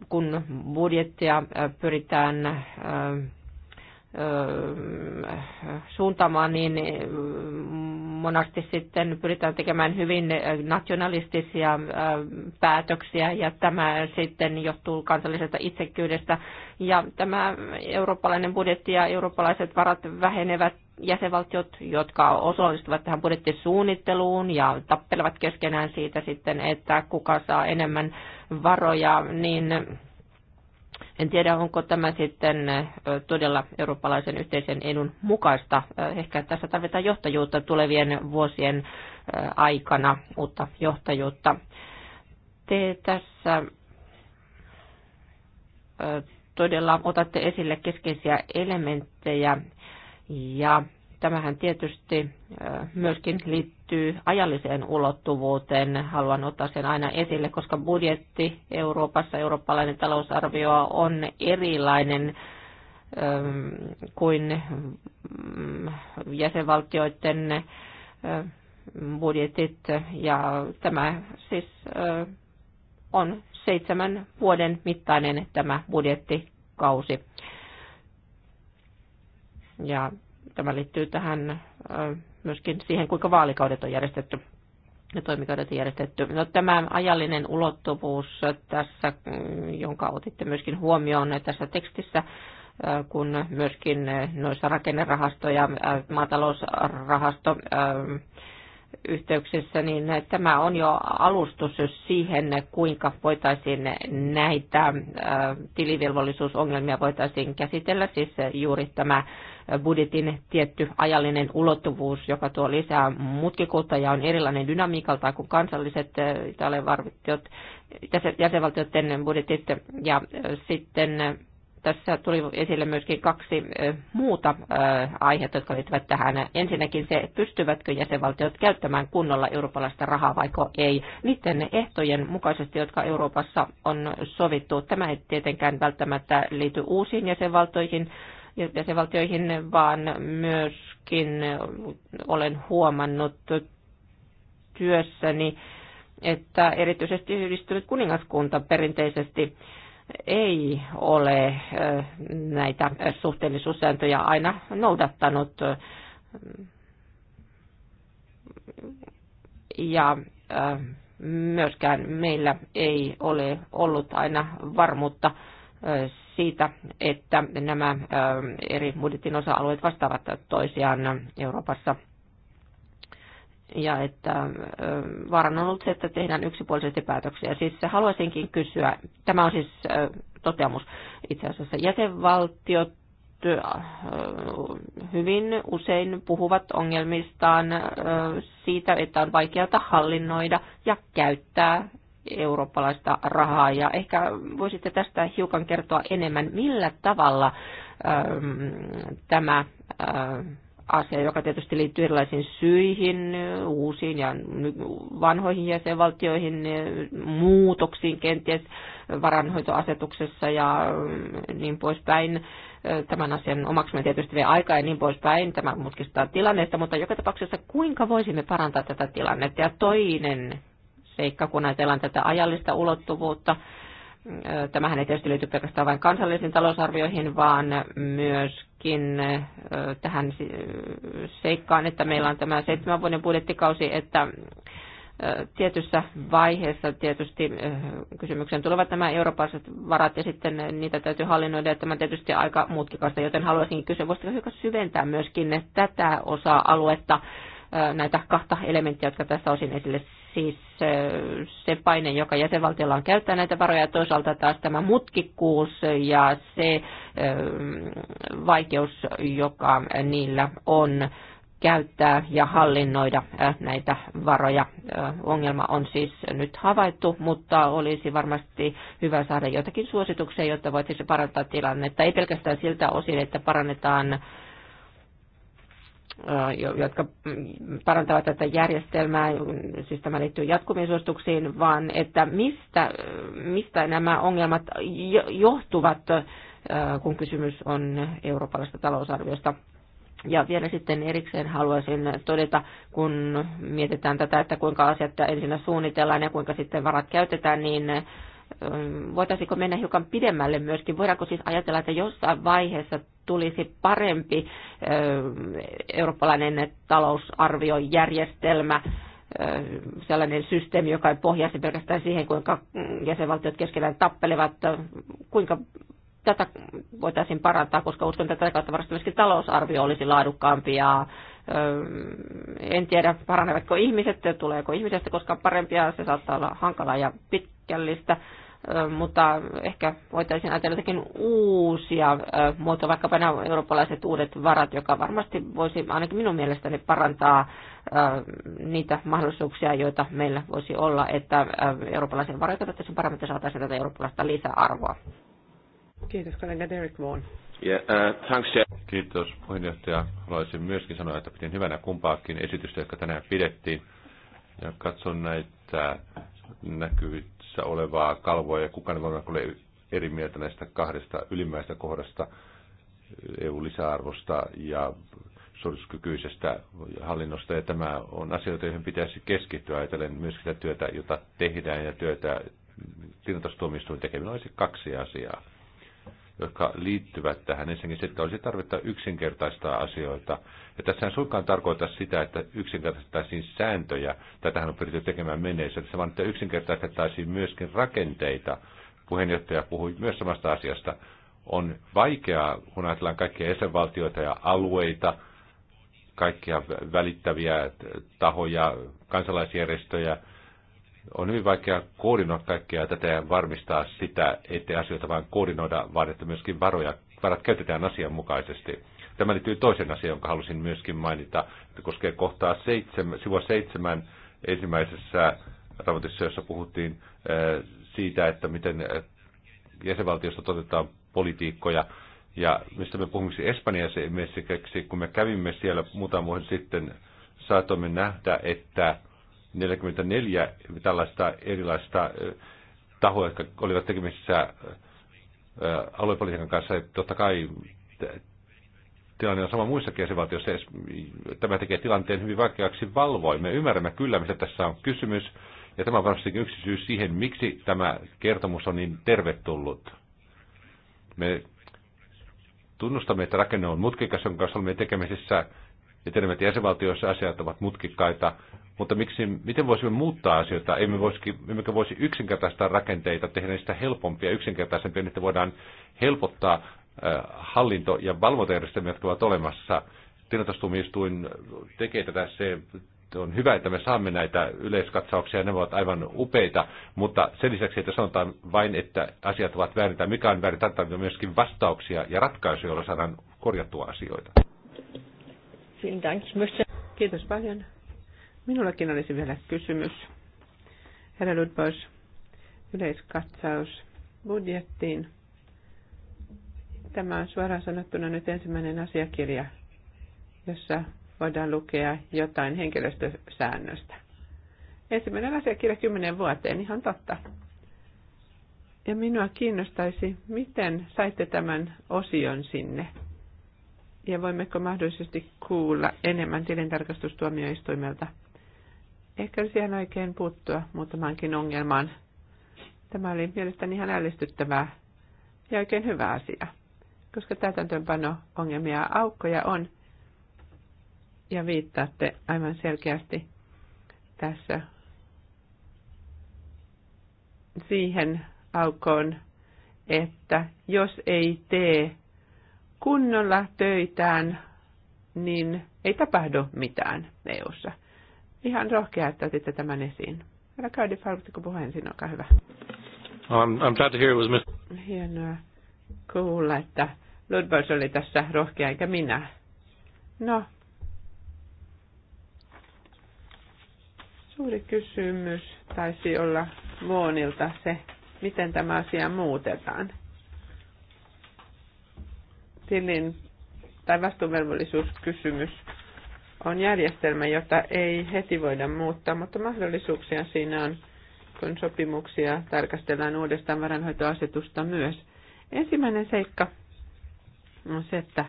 S3: kun budjettia pyritään Äh, suuntaamaan, niin äh, monasti sitten pyritään tekemään hyvin äh, nationalistisia päätöksiä ja tämä sitten johtuu kansallisesta itsekyydestä. Ja tämä eurooppalainen budjetti ja eurooppalaiset varat vähenevät jäsenvaltiot, jotka osallistuvat tähän budjettisuunnitteluun ja tappelevat keskenään siitä sitten, että kuka saa enemmän varoja, niin en tiedä, onko tämä sitten todella eurooppalaisen yhteisen edun mukaista. Ehkä tässä tarvitaan johtajuutta tulevien vuosien aikana, uutta johtajuutta. Te tässä todella otatte esille keskeisiä elementtejä ja tämähän tietysti myöskin liittyy liittyy ajalliseen ulottuvuuteen. Haluan ottaa sen aina esille, koska budjetti Euroopassa, eurooppalainen talousarvio on erilainen ähm, kuin mm, jäsenvaltioiden ähm, budjetit. Ja tämä siis äh, on seitsemän vuoden mittainen tämä budjettikausi. Ja tämä liittyy tähän äh, myöskin siihen, kuinka vaalikaudet on järjestetty ja toimikaudet on järjestetty. No, tämä ajallinen ulottuvuus tässä, mm, jonka otitte myöskin huomioon tässä tekstissä, äh, kun myöskin äh, noissa rakennerahasto- ja äh, maatalousrahasto yhteyksissä, niin tämä on jo alustus siihen, kuinka voitaisiin näitä tilivelvollisuusongelmia voitaisiin käsitellä, siis juuri tämä budjetin tietty ajallinen ulottuvuus, joka tuo lisää mutkikuutta ja on erilainen dynamiikalta kuin kansalliset eh, jäsenvaltioiden budjetit. Ja eh, sitten eh, tässä tuli esille myöskin kaksi muuta aihetta, jotka liittyvät tähän. Ensinnäkin se, pystyvätkö jäsenvaltiot käyttämään kunnolla eurooppalaista rahaa vaiko ei, niiden ehtojen mukaisesti, jotka Euroopassa on sovittu. Tämä ei tietenkään välttämättä liity uusiin jäsenvaltoihin, jäsenvaltioihin, vaan myöskin olen huomannut työssäni, että erityisesti yhdistynyt kuningaskunta perinteisesti ei ole näitä suhteellisuussääntöjä aina noudattanut. Ja myöskään meillä ei ole ollut aina varmuutta siitä, että nämä ähm, eri budjetin osa-alueet vastaavat toisiaan Euroopassa. Ja että ähm, vaaran on ollut se, että tehdään yksipuolisesti päätöksiä. Siis haluaisinkin kysyä, tämä on siis äh, toteamus itse asiassa, jäsenvaltiot äh, hyvin usein puhuvat ongelmistaan äh, siitä, että on vaikeata hallinnoida ja käyttää eurooppalaista rahaa. Ja ehkä voisitte tästä hiukan kertoa enemmän, millä tavalla ähm, tämä äh, asia, joka tietysti liittyy erilaisiin syihin, uusiin ja vanhoihin jäsenvaltioihin, muutoksiin kenties varanhoitoasetuksessa ja niin poispäin. Tämän asian omaksuminen tietysti vie aikaa ja niin poispäin. Tämä mutkistaa tilannetta, mutta joka tapauksessa kuinka voisimme parantaa tätä tilannetta? Ja toinen seikka, kun ajatellaan tätä ajallista ulottuvuutta. Tämähän ei tietysti liity pelkästään vain kansallisiin talousarvioihin, vaan myöskin tähän seikkaan, että meillä on tämä seitsemän vuoden budjettikausi, että tietyssä vaiheessa tietysti kysymykseen tulevat nämä eurooppalaiset varat ja sitten niitä täytyy hallinnoida, että tämä on tietysti aika mutkikasta, joten haluaisin kysyä, voisitko hyvä syventää myöskin tätä osa-aluetta, näitä kahta elementtiä, jotka tässä osin esille siis se paine, joka jäsenvaltiolla on käyttää näitä varoja, ja toisaalta taas tämä mutkikkuus ja se vaikeus, joka niillä on käyttää ja hallinnoida näitä varoja. Ongelma on siis nyt havaittu, mutta olisi varmasti hyvä saada jotakin suosituksia, jotta voitaisiin parantaa tilannetta. Ei pelkästään siltä osin, että parannetaan Äh, jotka mm, parantavat tätä järjestelmää, siis tämä liittyy jatkuviin suosituksiin, vaan että mistä, mistä nämä ongelmat johtuvat, äh, kun kysymys on eurooppalaisesta talousarviosta. Ja vielä sitten erikseen haluaisin todeta, kun mietitään tätä, että kuinka asiat ensin suunnitellaan ja kuinka sitten varat käytetään, niin ähm, voitaisiinko mennä hiukan pidemmälle myöskin? Voidaanko siis ajatella, että jossain vaiheessa tulisi parempi eurooppalainen talousarviojärjestelmä, sellainen systeemi, joka ei pohjaisi pelkästään siihen, kuinka jäsenvaltiot keskenään tappelevat, kuinka tätä voitaisiin parantaa, koska uskon, että tätä kautta varmasti myöskin talousarvio olisi laadukkaampi ja en tiedä, paranevatko ihmiset, tuleeko ihmisestä koskaan parempia, se saattaa olla hankalaa ja pitkällistä mutta ehkä voitaisiin ajatella jotakin uusia muotoja, vaikkapa nämä eurooppalaiset uudet varat, joka varmasti voisi ainakin minun mielestäni parantaa niitä mahdollisuuksia, joita meillä voisi olla, että eurooppalaisen varoja katsottaisiin paremmin, että saataisiin tätä eurooppalaista lisäarvoa.
S1: Kiitos, kollega Derek Vaughan.
S2: Yeah, uh, thanks, Kiitos puheenjohtaja. Haluaisin myöskin sanoa, että pidin hyvänä kumpaakin esitystä, joka tänään pidettiin. Ja katson näitä näkyvyyttä käsittelyssä olevaa kalvoa, ja kukaan ei voi ole eri mieltä näistä kahdesta ylimmäistä kohdasta, EU-lisäarvosta ja suorituskykyisestä hallinnosta, ja tämä on asioita, joihin pitäisi keskittyä ajatellen myös sitä työtä, jota tehdään, ja työtä tilintastuomioistuin tekeminen olisi kaksi asiaa jotka liittyvät tähän. Ensinnäkin sitten olisi tarvetta yksinkertaistaa asioita. Ja tässä ei suinkaan tarkoita sitä, että yksinkertaistaisiin sääntöjä. tähän on pyritty tekemään menneisyydessä, vaan että yksinkertaistettaisiin myöskin rakenteita. Puheenjohtaja puhui myös samasta asiasta. On vaikeaa, kun ajatellaan kaikkia jäsenvaltioita ja alueita, kaikkia välittäviä tahoja, kansalaisjärjestöjä, on hyvin vaikea koordinoida kaikkea tätä ja varmistaa sitä, ettei asioita vain koordinoida, vaan että myöskin varoja, varat käytetään asianmukaisesti. Tämä liittyy toisen asiaan, jonka halusin myöskin mainita, että koskee kohtaa seitsemän, sivua seitsemän ensimmäisessä raportissa, jossa puhuttiin eh, siitä, että miten eh, jäsenvaltiosta toteutetaan politiikkoja. Ja mistä me puhumme siis Espanjassa kun me kävimme siellä muutama vuosi sitten, saatoimme nähdä, että 44 tällaista erilaista tahoa, jotka olivat tekemisissä aluepolitiikan kanssa. Että totta kai tilanne on sama muissakin jäsenvaltioissa. Mm, tämä tekee tilanteen hyvin vaikeaksi valvoin. Me ymmärrämme kyllä, mistä tässä on kysymys. Ja tämä on varmastikin yksi syy siihen, miksi tämä kertomus on niin tervetullut. Me tunnustamme, että rakenne on mutkikas, jonka kanssa olemme tekemisissä, ja tiedämme, että jäsenvaltioissa asiat ovat mutkikkaita, mutta miksi, miten voisimme muuttaa asioita? Emme voisi, emmekä voisi yksinkertaistaa rakenteita, tehdä niistä helpompia, yksinkertaisempia, niin että voidaan helpottaa äh, hallinto- ja valvontajärjestelmiä, jotka ovat olemassa. Tilintastumistuin tekee tätä, se on hyvä, että me saamme näitä yleiskatsauksia, ne ovat aivan upeita, mutta sen lisäksi, että sanotaan vain, että asiat ovat väärin tai mikä on väärin, tarvitaan myöskin vastauksia ja ratkaisuja, joilla saadaan korjattua asioita.
S1: Kiitos paljon. Minullakin olisi vielä kysymys. Herra Ludbos, yleiskatsaus budjettiin. Tämä on suoraan sanottuna nyt ensimmäinen asiakirja, jossa voidaan lukea jotain henkilöstösäännöstä. Ensimmäinen asiakirja kymmenen vuoteen, ihan totta. Ja minua kiinnostaisi, miten saitte tämän osion sinne. Ja voimmeko mahdollisesti kuulla enemmän tilintarkastustuomioistuimelta Ehkä olisi ihan oikein puuttua muutamankin ongelmaan. Tämä oli mielestäni ihan ällistyttävää ja oikein hyvä asia, koska täytäntöönpano-ongelmia aukkoja on. Ja viittaatte aivan selkeästi tässä siihen aukkoon, että jos ei tee kunnolla töitään, niin ei tapahdu mitään EUssa ihan rohkea, että otitte tämän esiin. Herra Cardiff, haluatteko puhua ensin? Olkaa hyvä.
S2: I'm, I'm glad to hear it was Miss...
S1: Hienoa kuulla, että Ludbers oli tässä rohkea, eikä minä. No. Suuri kysymys taisi olla Vuonilta se, miten tämä asia muutetaan. Tilin tai vastuunvelvollisuuskysymys on järjestelmä, jota ei heti voida muuttaa, mutta mahdollisuuksia siinä on, kun sopimuksia tarkastellaan uudestaan varanhoitoasetusta myös. Ensimmäinen seikka on se, että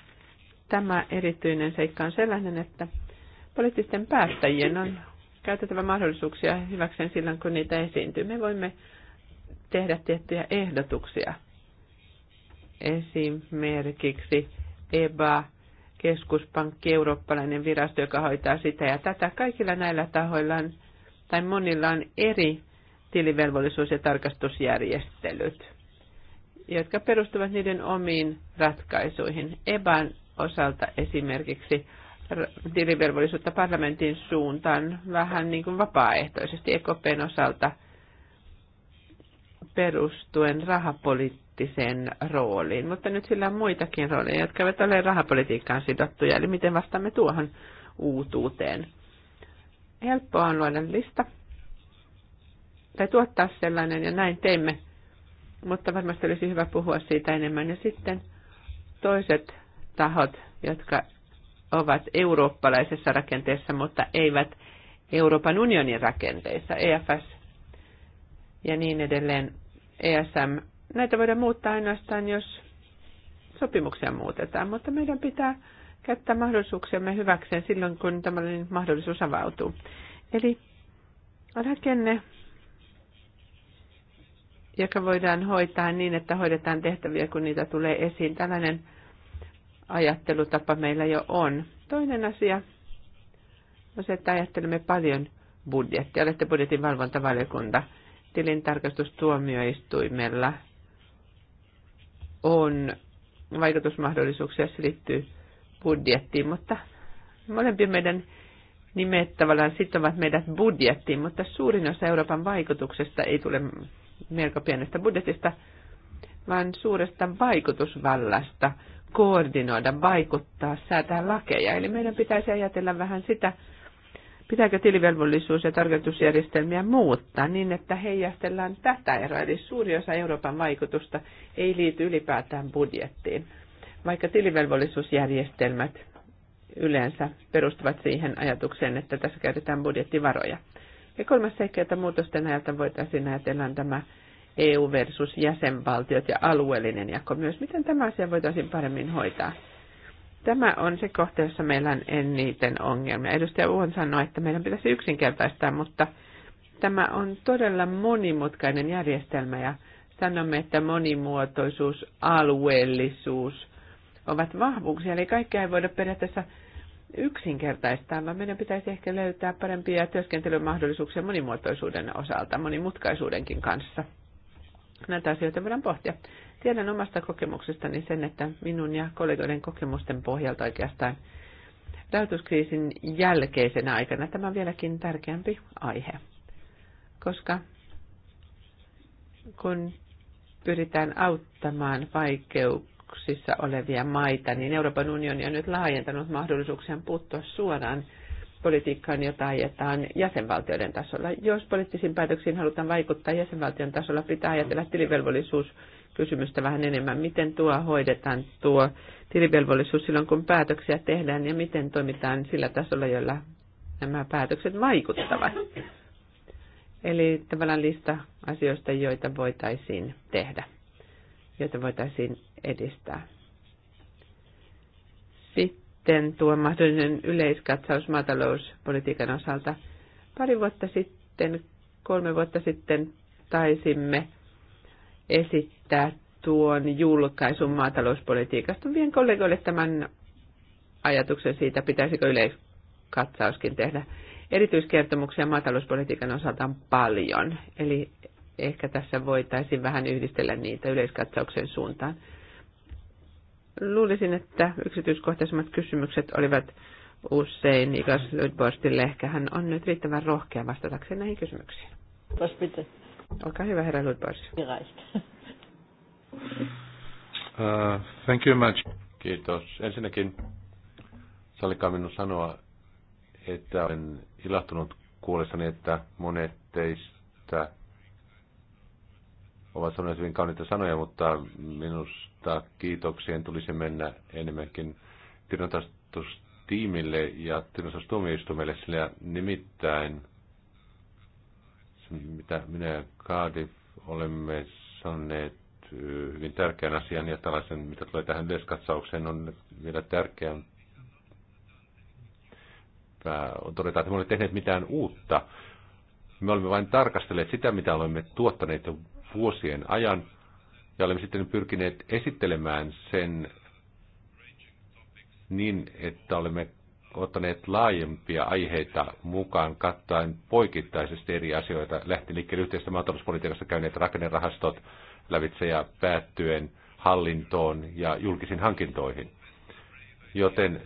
S1: tämä erityinen seikka on sellainen, että poliittisten päättäjien on käytettävä mahdollisuuksia hyväkseen silloin, kun niitä esiintyy. Me voimme tehdä tiettyjä ehdotuksia. Esimerkiksi EBA keskuspankki, eurooppalainen virasto, joka hoitaa sitä ja tätä. Kaikilla näillä tahoilla on, tai monilla on eri tilivelvollisuus- ja tarkastusjärjestelyt, jotka perustuvat niiden omiin ratkaisuihin. EBAn osalta esimerkiksi tilivelvollisuutta parlamentin suuntaan vähän niin kuin vapaaehtoisesti EKPn osalta perustuen rahapolitiikkaan poliittisen rooliin, mutta nyt sillä on muitakin rooleja, jotka eivät ole rahapolitiikkaan sidottuja, eli miten vastaamme tuohon uutuuteen. Helppoa on luoda lista tai tuottaa sellainen, ja näin teimme, mutta varmasti olisi hyvä puhua siitä enemmän. Ja sitten toiset tahot, jotka ovat eurooppalaisessa rakenteessa, mutta eivät Euroopan unionin rakenteissa, EFS ja niin edelleen, ESM näitä voidaan muuttaa ainoastaan, jos sopimuksia muutetaan, mutta meidän pitää käyttää mahdollisuuksiamme hyväkseen silloin, kun tämmöinen mahdollisuus avautuu. Eli rakenne, joka voidaan hoitaa niin, että hoidetaan tehtäviä, kun niitä tulee esiin. Tällainen ajattelutapa meillä jo on. Toinen asia on se, että ajattelemme paljon budjettia. Olette budjetin valvontavaliokunta tilintarkastustuomioistuimella – on vaikutusmahdollisuuksia, se liittyy budjettiin, mutta molempi meidän nimet tavallaan sitovat meidät budjettiin, mutta suurin osa Euroopan vaikutuksesta ei tule melko pienestä budjetista, vaan suuresta vaikutusvallasta koordinoida, vaikuttaa, säätää lakeja. Eli meidän pitäisi ajatella vähän sitä, Pitääkö tilivelvollisuus- ja tarkoitusjärjestelmiä muuttaa niin, että heijastellaan tätä eroa? Eli suuri osa Euroopan vaikutusta ei liity ylipäätään budjettiin, vaikka tilivelvollisuusjärjestelmät yleensä perustuvat siihen ajatukseen, että tässä käytetään budjettivaroja. Ja kolmas seikka, että muutosten ajalta voitaisiin ajatella tämä EU versus jäsenvaltiot ja alueellinen jako myös. Miten tämä asia voitaisiin paremmin hoitaa? Tämä on se kohta, jossa meillä on eniten ongelmia. Edustaja Uon sanoi, että meidän pitäisi yksinkertaistaa, mutta tämä on todella monimutkainen järjestelmä ja sanomme, että monimuotoisuus, alueellisuus ovat vahvuuksia. Eli kaikkea ei voida periaatteessa yksinkertaistaa, vaan meidän pitäisi ehkä löytää parempia työskentelymahdollisuuksia monimuotoisuuden osalta, monimutkaisuudenkin kanssa näitä asioita voidaan pohtia. Tiedän omasta kokemuksestani sen, että minun ja kollegoiden kokemusten pohjalta oikeastaan rahoituskriisin jälkeisenä aikana tämä on vieläkin tärkeämpi aihe, koska kun pyritään auttamaan vaikeuksissa olevia maita, niin Euroopan unioni on nyt laajentanut mahdollisuuksia puuttua suoraan politiikkaan, jota ajetaan jäsenvaltioiden tasolla. Jos poliittisiin päätöksiin halutaan vaikuttaa jäsenvaltion tasolla, pitää ajatella kysymystä vähän enemmän. Miten tuo hoidetaan tuo tilivelvollisuus silloin, kun päätöksiä tehdään ja miten toimitaan sillä tasolla, jolla nämä päätökset vaikuttavat. Eli tavallaan lista asioista, joita voitaisiin tehdä, joita voitaisiin edistää. Sitten sitten tuo mahdollinen yleiskatsaus maatalouspolitiikan osalta. Pari vuotta sitten, kolme vuotta sitten taisimme esittää tuon julkaisun maatalouspolitiikasta. Vien kollegoille tämän ajatuksen siitä, pitäisikö yleiskatsauskin tehdä. Erityiskertomuksia maatalouspolitiikan osalta on paljon, eli ehkä tässä voitaisiin vähän yhdistellä niitä yleiskatsauksen suuntaan. Luulisin, että yksityiskohtaisemmat kysymykset olivat usein Niklas Lydborstille. Ehkä hän on nyt riittävän rohkea vastatakseen näihin kysymyksiin. Olkaa hyvä, herra Lydborst.
S2: Uh, thank you much. Kiitos. Ensinnäkin sallikaa minun sanoa, että olen ilahtunut kuullessani, että monet teistä ovat sanoneet hyvin kauniita sanoja, mutta minusta mutta kiitoksien tulisi mennä enemmänkin tiedontastustiimille ja tiedontastustuomioistuimelle, sillä nimittäin mitä minä ja Cardiff olemme sanoneet hyvin tärkeän asian ja tällaisen, mitä tulee tähän yleiskatsaukseen, on vielä tärkeän todeta, että me olemme tehneet mitään uutta. Me olemme vain tarkastelleet sitä, mitä olemme tuottaneet jo vuosien ajan, ja olemme sitten pyrkineet esittelemään sen niin, että olemme ottaneet laajempia aiheita mukaan kattaen poikittaisesti eri asioita. Lähti liikkeelle yhteistä maatalouspolitiikasta käyneet rakennerahastot lävitse ja päättyen hallintoon ja julkisiin hankintoihin. Joten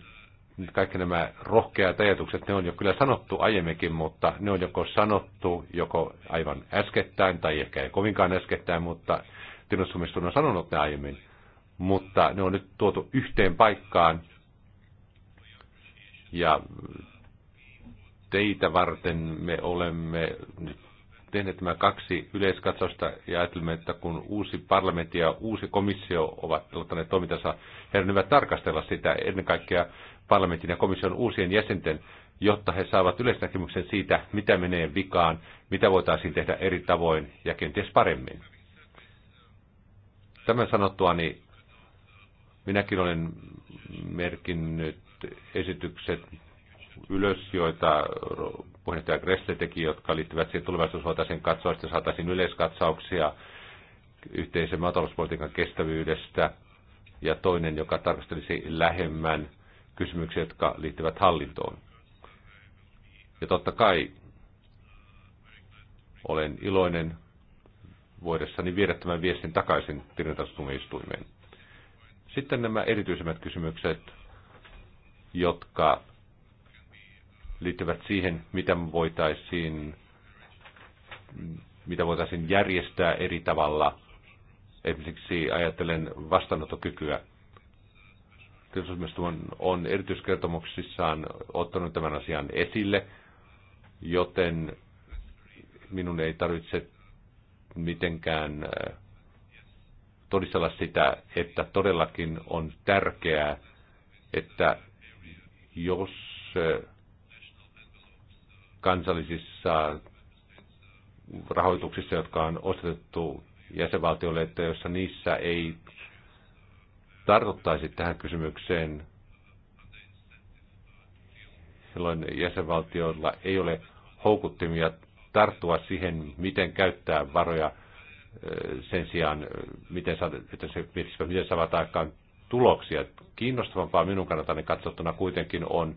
S2: kaikki nämä rohkeat ajatukset, ne on jo kyllä sanottu aiemminkin, mutta ne on joko sanottu joko aivan äskettäin tai ehkä ei kovinkaan äskettäin, mutta tilastumistunut on sanonut ne aiemmin, mutta ne on nyt tuotu yhteen paikkaan ja teitä varten me olemme nyt tehneet nämä kaksi yleiskatsausta ja ajattelemme, että kun uusi parlamentti ja uusi komissio ovat aloittaneet toimintansa, heidän hyvä tarkastella sitä ennen kaikkea parlamentin ja komission uusien jäsenten, jotta he saavat yleisnäkemyksen siitä, mitä menee vikaan, mitä voitaisiin tehdä eri tavoin ja kenties paremmin. Tämän sanottua, niin minäkin olen merkinnyt esitykset ylös, joita puheenjohtaja Gressle teki, jotka liittyvät siihen tulevaisuus voitaisiin katsoa, että saataisiin yleiskatsauksia yhteisen maatalouspolitiikan kestävyydestä, ja toinen, joka tarkastelisi lähemmän kysymyksiä, jotka liittyvät hallintoon. Ja totta kai olen iloinen voidessani niin viedä tämän viestin takaisin tilintarkastustuomioistuimeen. Sitten nämä erityisemmät kysymykset, jotka liittyvät siihen, mitä voitaisiin, mitä voitaisiin järjestää eri tavalla. Esimerkiksi ajattelen vastaanottokykyä. Kirjallisuusmiestumon on erityiskertomuksissaan ottanut tämän asian esille, joten minun ei tarvitse mitenkään äh, todistella sitä, että todellakin on tärkeää, että jos äh, kansallisissa rahoituksissa, jotka on ostettu jäsenvaltioille, että jossa niissä ei tartuttaisi tähän kysymykseen, silloin jäsenvaltioilla ei ole houkuttimia tarttua siihen, miten käyttää varoja sen sijaan, miten, saa, että se, miten saavat aikaan tuloksia. Kiinnostavampaa minun kannaltani katsottuna kuitenkin on,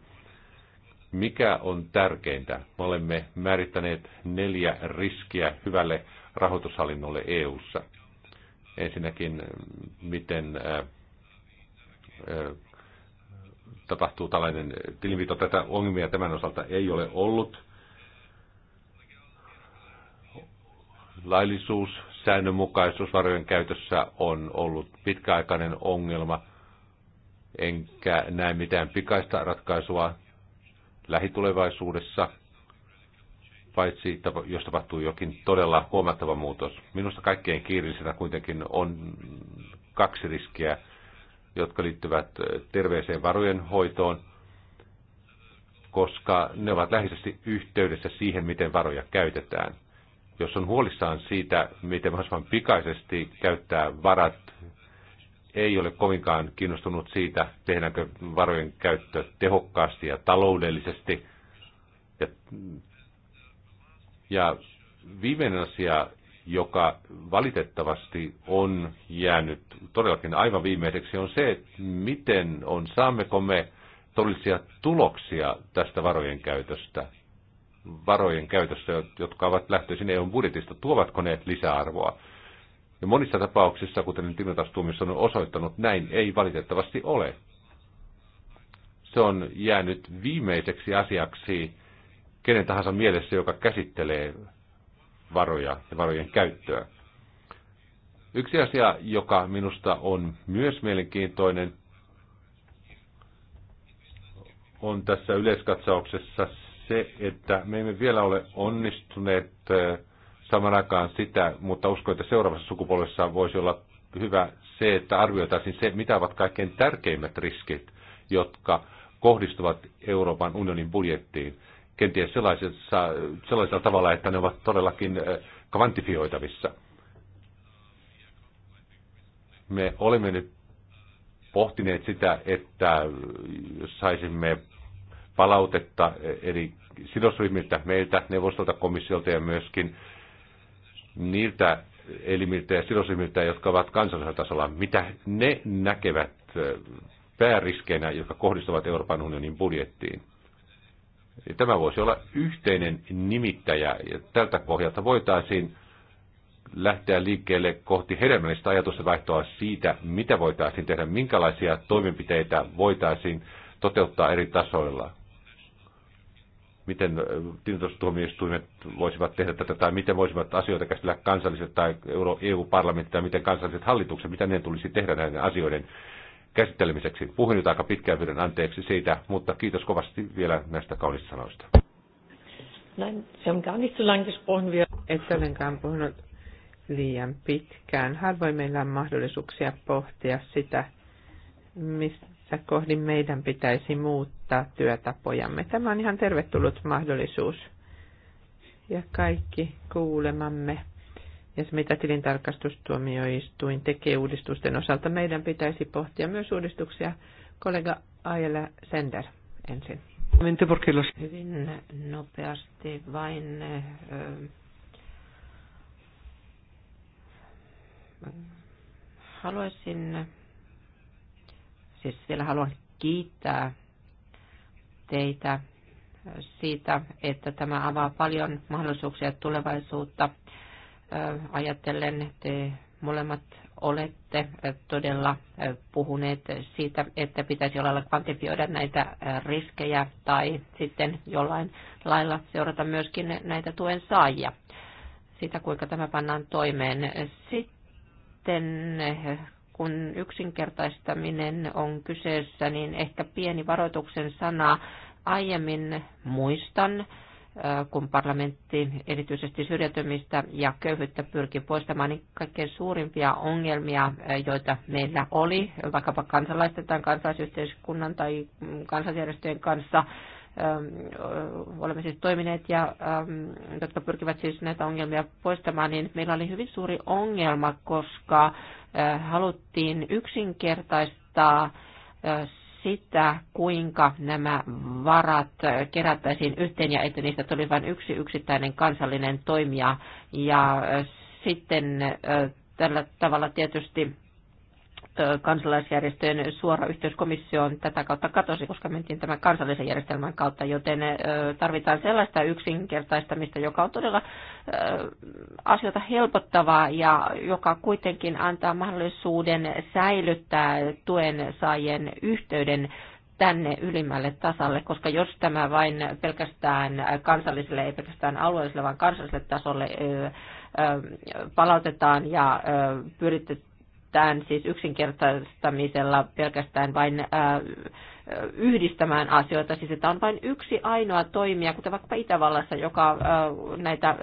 S2: mikä on tärkeintä. Me olemme määrittäneet neljä riskiä hyvälle rahoitushallinnolle EU:ssa. Ensinnäkin, miten tapahtuu tällainen tilinpito. Tätä ongelmia tämän osalta ei ole ollut. laillisuus, säännönmukaisuus varojen käytössä on ollut pitkäaikainen ongelma, enkä näe mitään pikaista ratkaisua lähitulevaisuudessa, paitsi jos tapahtuu jokin todella huomattava muutos. Minusta kaikkein kiireellisenä kuitenkin on kaksi riskiä, jotka liittyvät terveeseen varojen hoitoon, koska ne ovat läheisesti yhteydessä siihen, miten varoja käytetään jos on huolissaan siitä, miten mahdollisimman pikaisesti käyttää varat, ei ole kovinkaan kiinnostunut siitä, tehdäänkö varojen käyttö tehokkaasti ja taloudellisesti. Ja, ja viimeinen asia, joka valitettavasti on jäänyt todellakin aivan viimeiseksi, on se, että miten on, saammeko me todellisia tuloksia tästä varojen käytöstä varojen käytössä, jotka ovat lähtöisin EUn budjetista, tuovatko ne lisäarvoa? Ja monissa tapauksissa, kuten Timotastuumissa on osoittanut, näin ei valitettavasti ole. Se on jäänyt viimeiseksi asiaksi kenen tahansa mielessä, joka käsittelee varoja ja varojen käyttöä. Yksi asia, joka minusta on myös mielenkiintoinen, on tässä yleiskatsauksessa se, että me emme vielä ole onnistuneet saman aikaan sitä, mutta uskon, että seuraavassa sukupolvessa voisi olla hyvä se, että arvioitaisiin se, mitä ovat kaikkein tärkeimmät riskit, jotka kohdistuvat Euroopan unionin budjettiin. Kenties sellaisessa, sellaisella tavalla, että ne ovat todellakin kvantifioitavissa. Me olemme nyt pohtineet sitä, että saisimme palautetta eri sidosryhmiltä, meiltä, neuvostolta, komissiolta ja myöskin niiltä elimiltä ja sidosryhmiltä, jotka ovat kansallisella tasolla, mitä ne näkevät pääriskeinä, jotka kohdistuvat Euroopan unionin budjettiin. Tämä voisi olla yhteinen nimittäjä ja tältä pohjalta voitaisiin lähteä liikkeelle kohti hedelmällistä ajatusta vaihtoa siitä, mitä voitaisiin tehdä, minkälaisia toimenpiteitä voitaisiin toteuttaa eri tasoilla miten äh, tilintarkastustuomioistuimet voisivat tehdä tätä, tai miten voisivat asioita käsitellä kansalliset tai EU-parlamentti, e tai miten kansalliset hallitukset, mitä ne tulisi tehdä näiden asioiden käsittelemiseksi. Puhuin nyt aika pitkään pyydän anteeksi siitä, mutta kiitos kovasti vielä näistä kaunista sanoista.
S1: Näin, se on gar nicht so vielä. Et olenkaan puhunut liian pitkään. Harvoin meillä on mahdollisuuksia pohtia sitä, mistä missä kohdin meidän pitäisi muuttaa työtapojamme. Tämä on ihan tervetullut mahdollisuus. Ja kaikki kuulemamme ja se, mitä tilintarkastustuomioistuin tekee uudistusten osalta, meidän pitäisi pohtia myös uudistuksia. Kollega Ayla Sender ensin. Hyvin nopeasti vain
S3: haluaisin siis vielä haluan kiittää teitä siitä, että tämä avaa paljon mahdollisuuksia tulevaisuutta. Ajattelen, te molemmat olette todella puhuneet siitä, että pitäisi jollain kvantifioida näitä riskejä tai sitten jollain lailla seurata myöskin näitä tuen saajia, sitä kuinka tämä pannaan toimeen. Sitten kun yksinkertaistaminen on kyseessä, niin ehkä pieni varoituksen sana. Aiemmin muistan, kun parlamentti erityisesti syrjäytymistä ja köyhyyttä pyrki poistamaan, niin kaikkein suurimpia ongelmia, joita meillä oli, vaikkapa kansalaisten tai kansalaisyhteiskunnan tai kansalaisjärjestöjen kanssa, olemme siis toimineet ja jotka pyrkivät siis näitä ongelmia poistamaan, niin meillä oli hyvin suuri ongelma, koska haluttiin yksinkertaistaa sitä, kuinka nämä varat kerättäisiin yhteen ja että niistä tuli vain yksi yksittäinen kansallinen toimija. Ja sitten tällä tavalla tietysti kansalaisjärjestöjen suora yhteys komissioon tätä kautta katosi, koska mentiin tämän kansallisen järjestelmän kautta, joten tarvitaan sellaista yksinkertaistamista, joka on todella asioita helpottavaa ja joka kuitenkin antaa mahdollisuuden säilyttää tuen saajien yhteyden tänne ylimmälle tasalle, koska jos tämä vain pelkästään kansalliselle, ei pelkästään alueelliselle, vaan kansalliselle tasolle palautetaan ja pyritetään pyritään siis yksinkertaistamisella pelkästään vain yhdistämään asioita, siis että on vain yksi ainoa toimija, kuten vaikka Itävallassa, joka näitä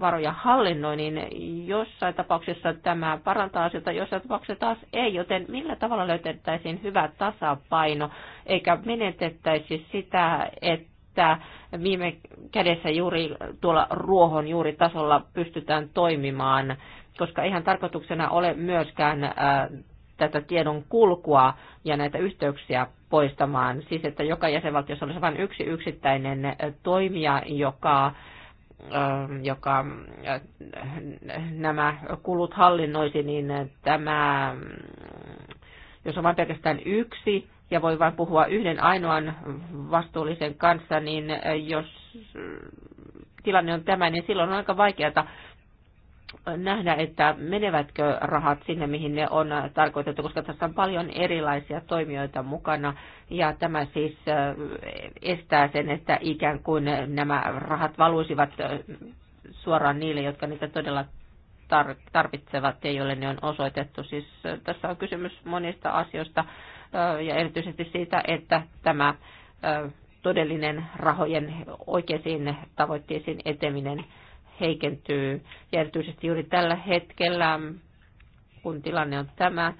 S3: varoja hallinnoi, niin jossain tapauksessa tämä parantaa asioita, jossain tapauksessa taas ei, joten millä tavalla löytettäisiin hyvä tasapaino, eikä menetettäisi sitä, että että viime kädessä juuri tuolla ruohon juuri tasolla pystytään toimimaan koska eihän tarkoituksena ole myöskään äh, tätä tiedon kulkua ja näitä yhteyksiä poistamaan. Siis, että joka jäsenvaltiossa olisi vain yksi yksittäinen äh, toimija, joka, ähm, joka äh, nämä kulut hallinnoisi, niin tämä, jos on vain pelkästään yksi ja voi vain puhua yhden ainoan vastuullisen kanssa, niin jos tilanne on tämä, niin silloin on aika vaikeata nähdä, että menevätkö rahat sinne, mihin ne on tarkoitettu, koska tässä on paljon erilaisia toimijoita mukana ja tämä siis estää sen, että ikään kuin nämä rahat valuisivat suoraan niille, jotka niitä todella tarvitsevat ja joille ne on osoitettu. Siis tässä on kysymys monista asioista ja erityisesti siitä, että tämä todellinen rahojen oikeisiin tavoitteisiin eteminen heikentyy. Ja erityisesti juuri tällä hetkellä, kun tilanne on tämä,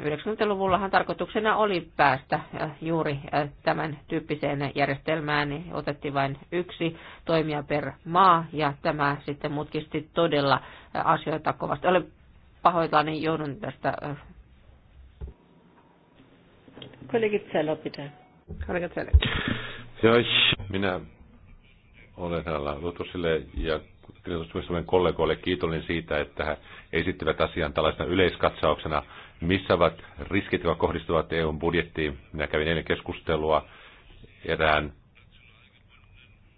S3: 90-luvullahan tarkoituksena oli päästä juuri tämän tyyppiseen järjestelmään, niin otettiin vain yksi toimija per maa, ja tämä sitten mutkisti todella asioita kovasti. Olen pahoillani, niin joudun tästä... Kollegit Selo pitää. Kollegit
S2: Joo, siis Minä olen hänellä lutusille ja kirjoitustuomioistuimen kollegoille kiitollinen siitä, että he esittivät asian tällaisena yleiskatsauksena, missä ovat riskit, jotka kohdistuvat EUn budjettiin. Minä kävin eilen keskustelua erään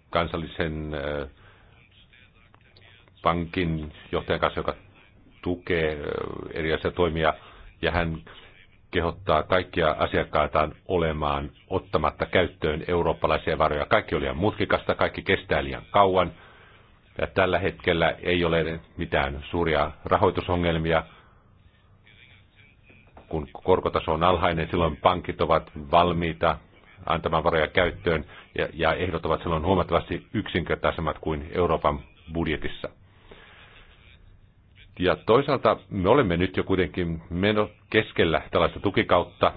S2: kansallisen äh, pankin johtajan kanssa, joka tukee äh, erilaisia toimia, ja hän kehottaa kaikkia asiakkaitaan olemaan ottamatta käyttöön eurooppalaisia varoja. Kaikki oli liian mutkikasta, kaikki kestää liian kauan. Ja tällä hetkellä ei ole mitään suuria rahoitusongelmia. Kun korkotaso on alhainen, silloin pankit ovat valmiita antamaan varoja käyttöön ja, ja ehdot ovat silloin huomattavasti yksinkertaisemmat kuin Euroopan budjetissa. Ja toisaalta me olemme nyt jo kuitenkin menossa keskellä tällaista tukikautta.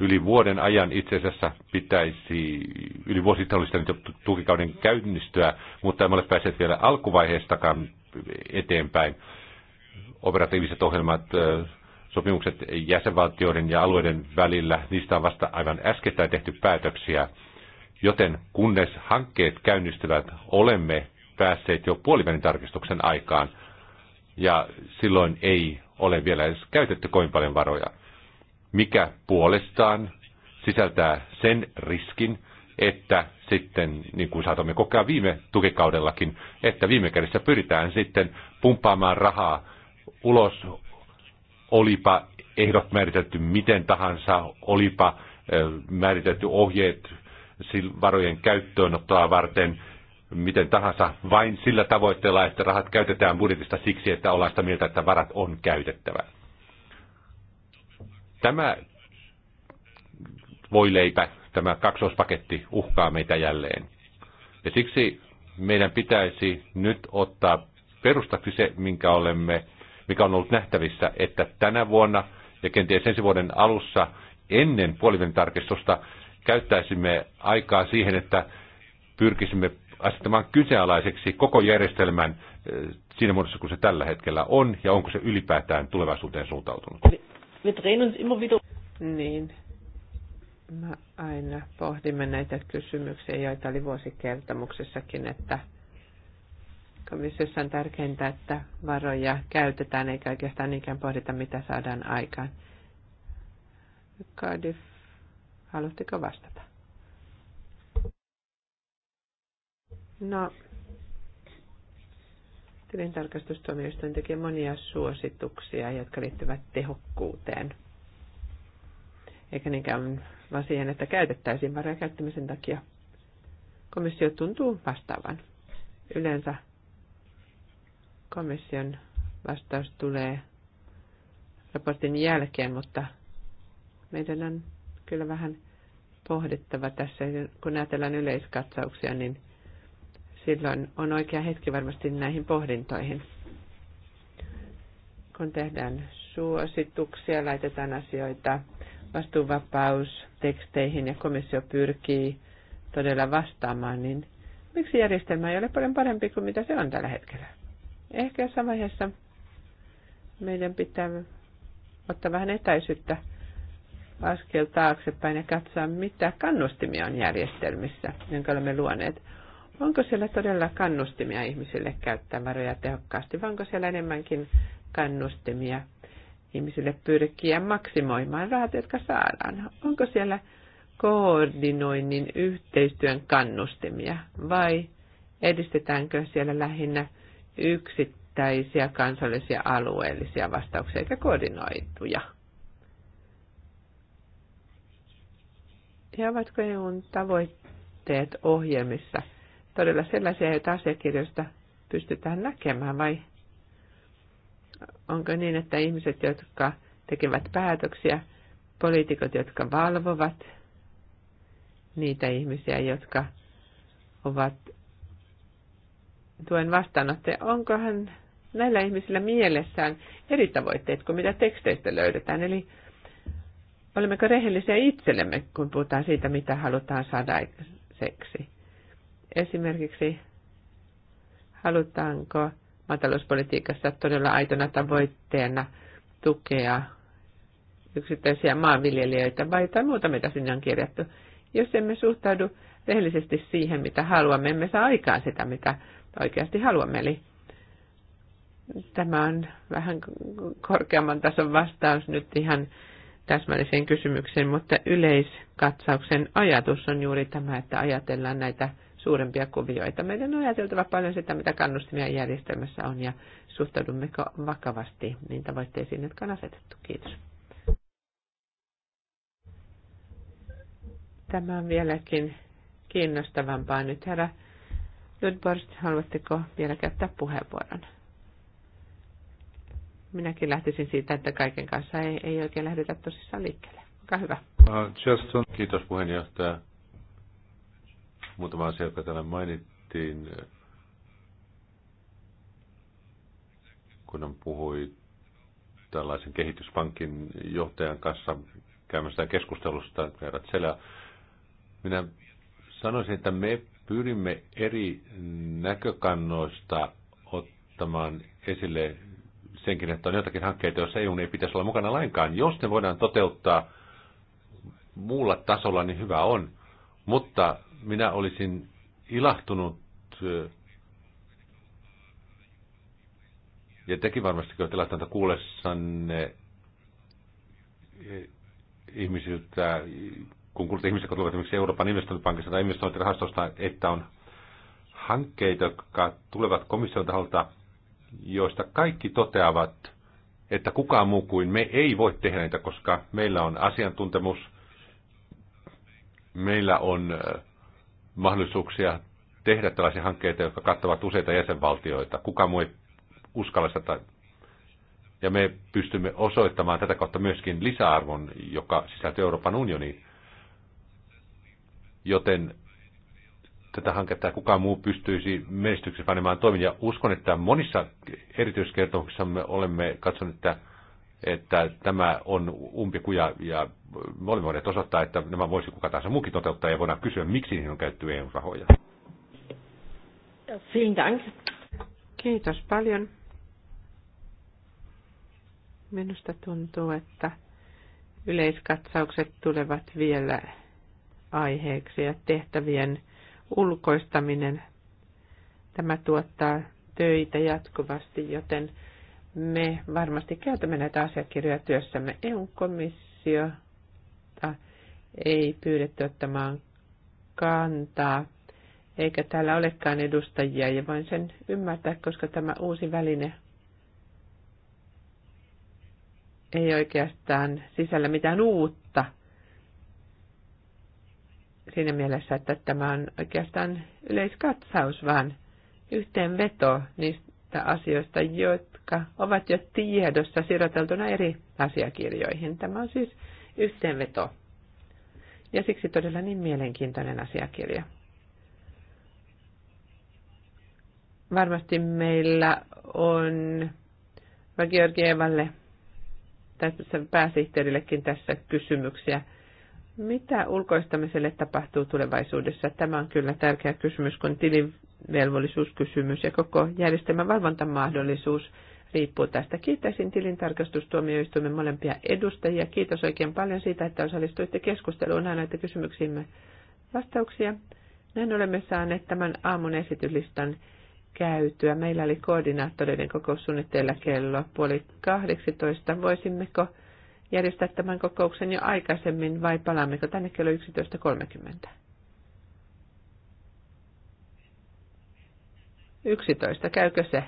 S2: Yli vuoden ajan itse asiassa pitäisi, yli vuosi sitten olisi nyt jo tukikauden käynnistyä, mutta emme ole päässeet vielä alkuvaiheestakaan eteenpäin. Operatiiviset ohjelmat, sopimukset jäsenvaltioiden ja alueiden välillä, niistä on vasta aivan äskettäin tehty päätöksiä. Joten kunnes hankkeet käynnistyvät, olemme päässeet jo puolivälin tarkistuksen aikaan – ja silloin ei ole vielä edes käytetty kovin paljon varoja, mikä puolestaan sisältää sen riskin, että sitten, niin kuin saatamme kokea viime tukikaudellakin, että viime kädessä pyritään sitten pumppaamaan rahaa ulos, olipa ehdot määritelty miten tahansa, olipa määritelty ohjeet varojen käyttöönottoa varten, miten tahansa vain sillä tavoitteella, että rahat käytetään budjetista siksi, että ollaan sitä mieltä, että varat on käytettävä. Tämä voi leipä, tämä kaksoispaketti uhkaa meitä jälleen. Ja siksi meidän pitäisi nyt ottaa perustaksi se, minkä olemme, mikä on ollut nähtävissä, että tänä vuonna ja kenties ensi vuoden alussa ennen puolivälin tarkistusta käyttäisimme aikaa siihen, että pyrkisimme asettamaan kyseenalaiseksi koko järjestelmän eh, siinä muodossa, kun se tällä hetkellä on, ja onko se ylipäätään tulevaisuuteen suuntautunut?
S1: Me Niin. Mä aina pohdimme näitä kysymyksiä, joita oli vuosikertomuksessakin, että komissiossa on tärkeintä, että varoja käytetään, eikä oikeastaan niinkään pohdita, mitä saadaan aikaan. Cardiff, haluatteko vastata? No, tilintarkastustuomioistuin tekee monia suosituksia, jotka liittyvät tehokkuuteen. Eikä niinkään vaan siihen, että käytettäisiin varoja käyttämisen takia. Komissio tuntuu vastaavan. Yleensä komission vastaus tulee raportin jälkeen, mutta meidän on kyllä vähän pohdittava tässä, kun ajatellaan yleiskatsauksia, niin silloin on oikea hetki varmasti näihin pohdintoihin. Kun tehdään suosituksia, laitetaan asioita vastuuvapaus teksteihin ja komissio pyrkii todella vastaamaan, niin miksi järjestelmä ei ole paljon parempi kuin mitä se on tällä hetkellä? Ehkä jossain vaiheessa meidän pitää ottaa vähän etäisyyttä askel taaksepäin ja katsoa, mitä kannustimia on järjestelmissä, jonka olemme luoneet. Onko siellä todella kannustimia ihmisille käyttää varoja tehokkaasti, vai onko siellä enemmänkin kannustimia ihmisille pyrkiä maksimoimaan rahat, jotka saadaan? Onko siellä koordinoinnin yhteistyön kannustimia, vai edistetäänkö siellä lähinnä yksittäisiä kansallisia alueellisia vastauksia eikä koordinoituja? Ja ovatko EUn tavoitteet ohjelmissa – todella sellaisia, joita asiakirjoista pystytään näkemään, vai onko niin, että ihmiset, jotka tekevät päätöksiä, poliitikot, jotka valvovat niitä ihmisiä, jotka ovat tuen vastaanottaja, onkohan näillä ihmisillä mielessään eri tavoitteet kuin mitä teksteistä löydetään. Eli olemmeko rehellisiä itsellemme, kun puhutaan siitä, mitä halutaan saada aikaiseksi. Esimerkiksi halutaanko maatalouspolitiikassa todella aitona tavoitteena tukea yksittäisiä maanviljelijöitä vai jotain muuta, mitä sinne on kirjattu. Jos emme suhtaudu rehellisesti siihen, mitä haluamme, emme saa aikaan sitä, mitä oikeasti haluamme. Eli tämä on vähän korkeamman tason vastaus nyt ihan täsmälliseen kysymykseen, mutta yleiskatsauksen ajatus on juuri tämä, että ajatellaan näitä suurempia kuvioita. Meidän on ajateltava paljon sitä, mitä kannustimia järjestelmässä on ja suhtaudummeko vakavasti niin tavoitteisiin, jotka on asetettu. Kiitos. Tämä on vieläkin kiinnostavampaa nyt, herra Ludborst, haluatteko vielä käyttää puheenvuoron? Minäkin lähtisin siitä, että kaiken kanssa ei, ei oikein lähdetä tosissaan liikkeelle. Olkaa hyvä.
S2: Uh, just on. Kiitos puheenjohtaja. Muutama asia, joka täällä mainittiin, kun hän puhui tällaisen kehityspankin johtajan kanssa käymästä keskustelusta, herrat Selä. Minä sanoisin, että me pyrimme eri näkökannoista ottamaan esille senkin, että on jotakin hankkeita, joissa EU ei pitäisi olla mukana lainkaan. Jos ne voidaan toteuttaa muulla tasolla, niin hyvä on. Mutta minä olisin ilahtunut ja tekin varmasti olette laittanut kuullessanne e, ihmisiltä, kun kuulitte ihmisiltä, jotka esimerkiksi Euroopan investointipankista tai investointirahastosta, että on hankkeita, jotka tulevat komission taholta, joista kaikki toteavat, että kukaan muu kuin me ei voi tehdä niitä, koska meillä on asiantuntemus, meillä on äh, mahdollisuuksia tehdä tällaisia hankkeita, jotka kattavat useita jäsenvaltioita. Kuka muu ei uskalla sitä. Ja me pystymme osoittamaan tätä kautta myöskin lisäarvon, joka sisältyy Euroopan unioniin. Joten tätä hanketta kukaan muu pystyisi menestyksessä panemaan toimin. Ja uskon, että monissa erityiskertomuksissa me olemme katsoneet, että että tämä on umpikuja ja me olemme voineet osoittaa, että nämä voisi kuka tahansa muukin toteuttaa ja voidaan kysyä, miksi niihin on käytetty EU-rahoja.
S1: Kiitos paljon. Minusta tuntuu, että yleiskatsaukset tulevat vielä aiheeksi ja tehtävien ulkoistaminen. Tämä tuottaa töitä jatkuvasti, joten me varmasti käytämme näitä asiakirjoja työssämme. EU-komissio ei pyydetty ottamaan kantaa, eikä täällä olekaan edustajia, ja voin sen ymmärtää, koska tämä uusi väline ei oikeastaan sisällä mitään uutta siinä mielessä, että tämä on oikeastaan yleiskatsaus, vaan yhteenveto niistä asioista, jotka jotka ovat jo tiedossa siroteltuna eri asiakirjoihin. Tämä on siis yhteenveto. Ja siksi todella niin mielenkiintoinen asiakirja. Varmasti meillä on Georgievalle tai pääsihteerillekin tässä kysymyksiä. Mitä ulkoistamiselle tapahtuu tulevaisuudessa? Tämä on kyllä tärkeä kysymys, kun tilivelvollisuuskysymys ja koko järjestelmän valvontamahdollisuus riippuu tästä. Kiittäisin tilintarkastustuomioistuimen molempia edustajia. Kiitos oikein paljon siitä, että osallistuitte keskusteluun näin näitä kysymyksiimme vastauksia. Näin olemme saaneet tämän aamun esityslistan käytyä. Meillä oli koordinaattoreiden kokous suunnitteilla kello puoli 18. Voisimmeko järjestää tämän kokouksen jo aikaisemmin vai palaammeko tänne kello 11.30? Yksitoista Käykö se?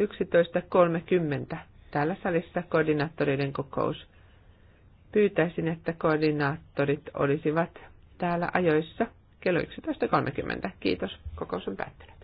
S1: 11.30 täällä salissa koordinaattoreiden kokous. Pyytäisin, että koordinaattorit olisivat täällä ajoissa kello 11.30. Kiitos. Kokous on päättynyt.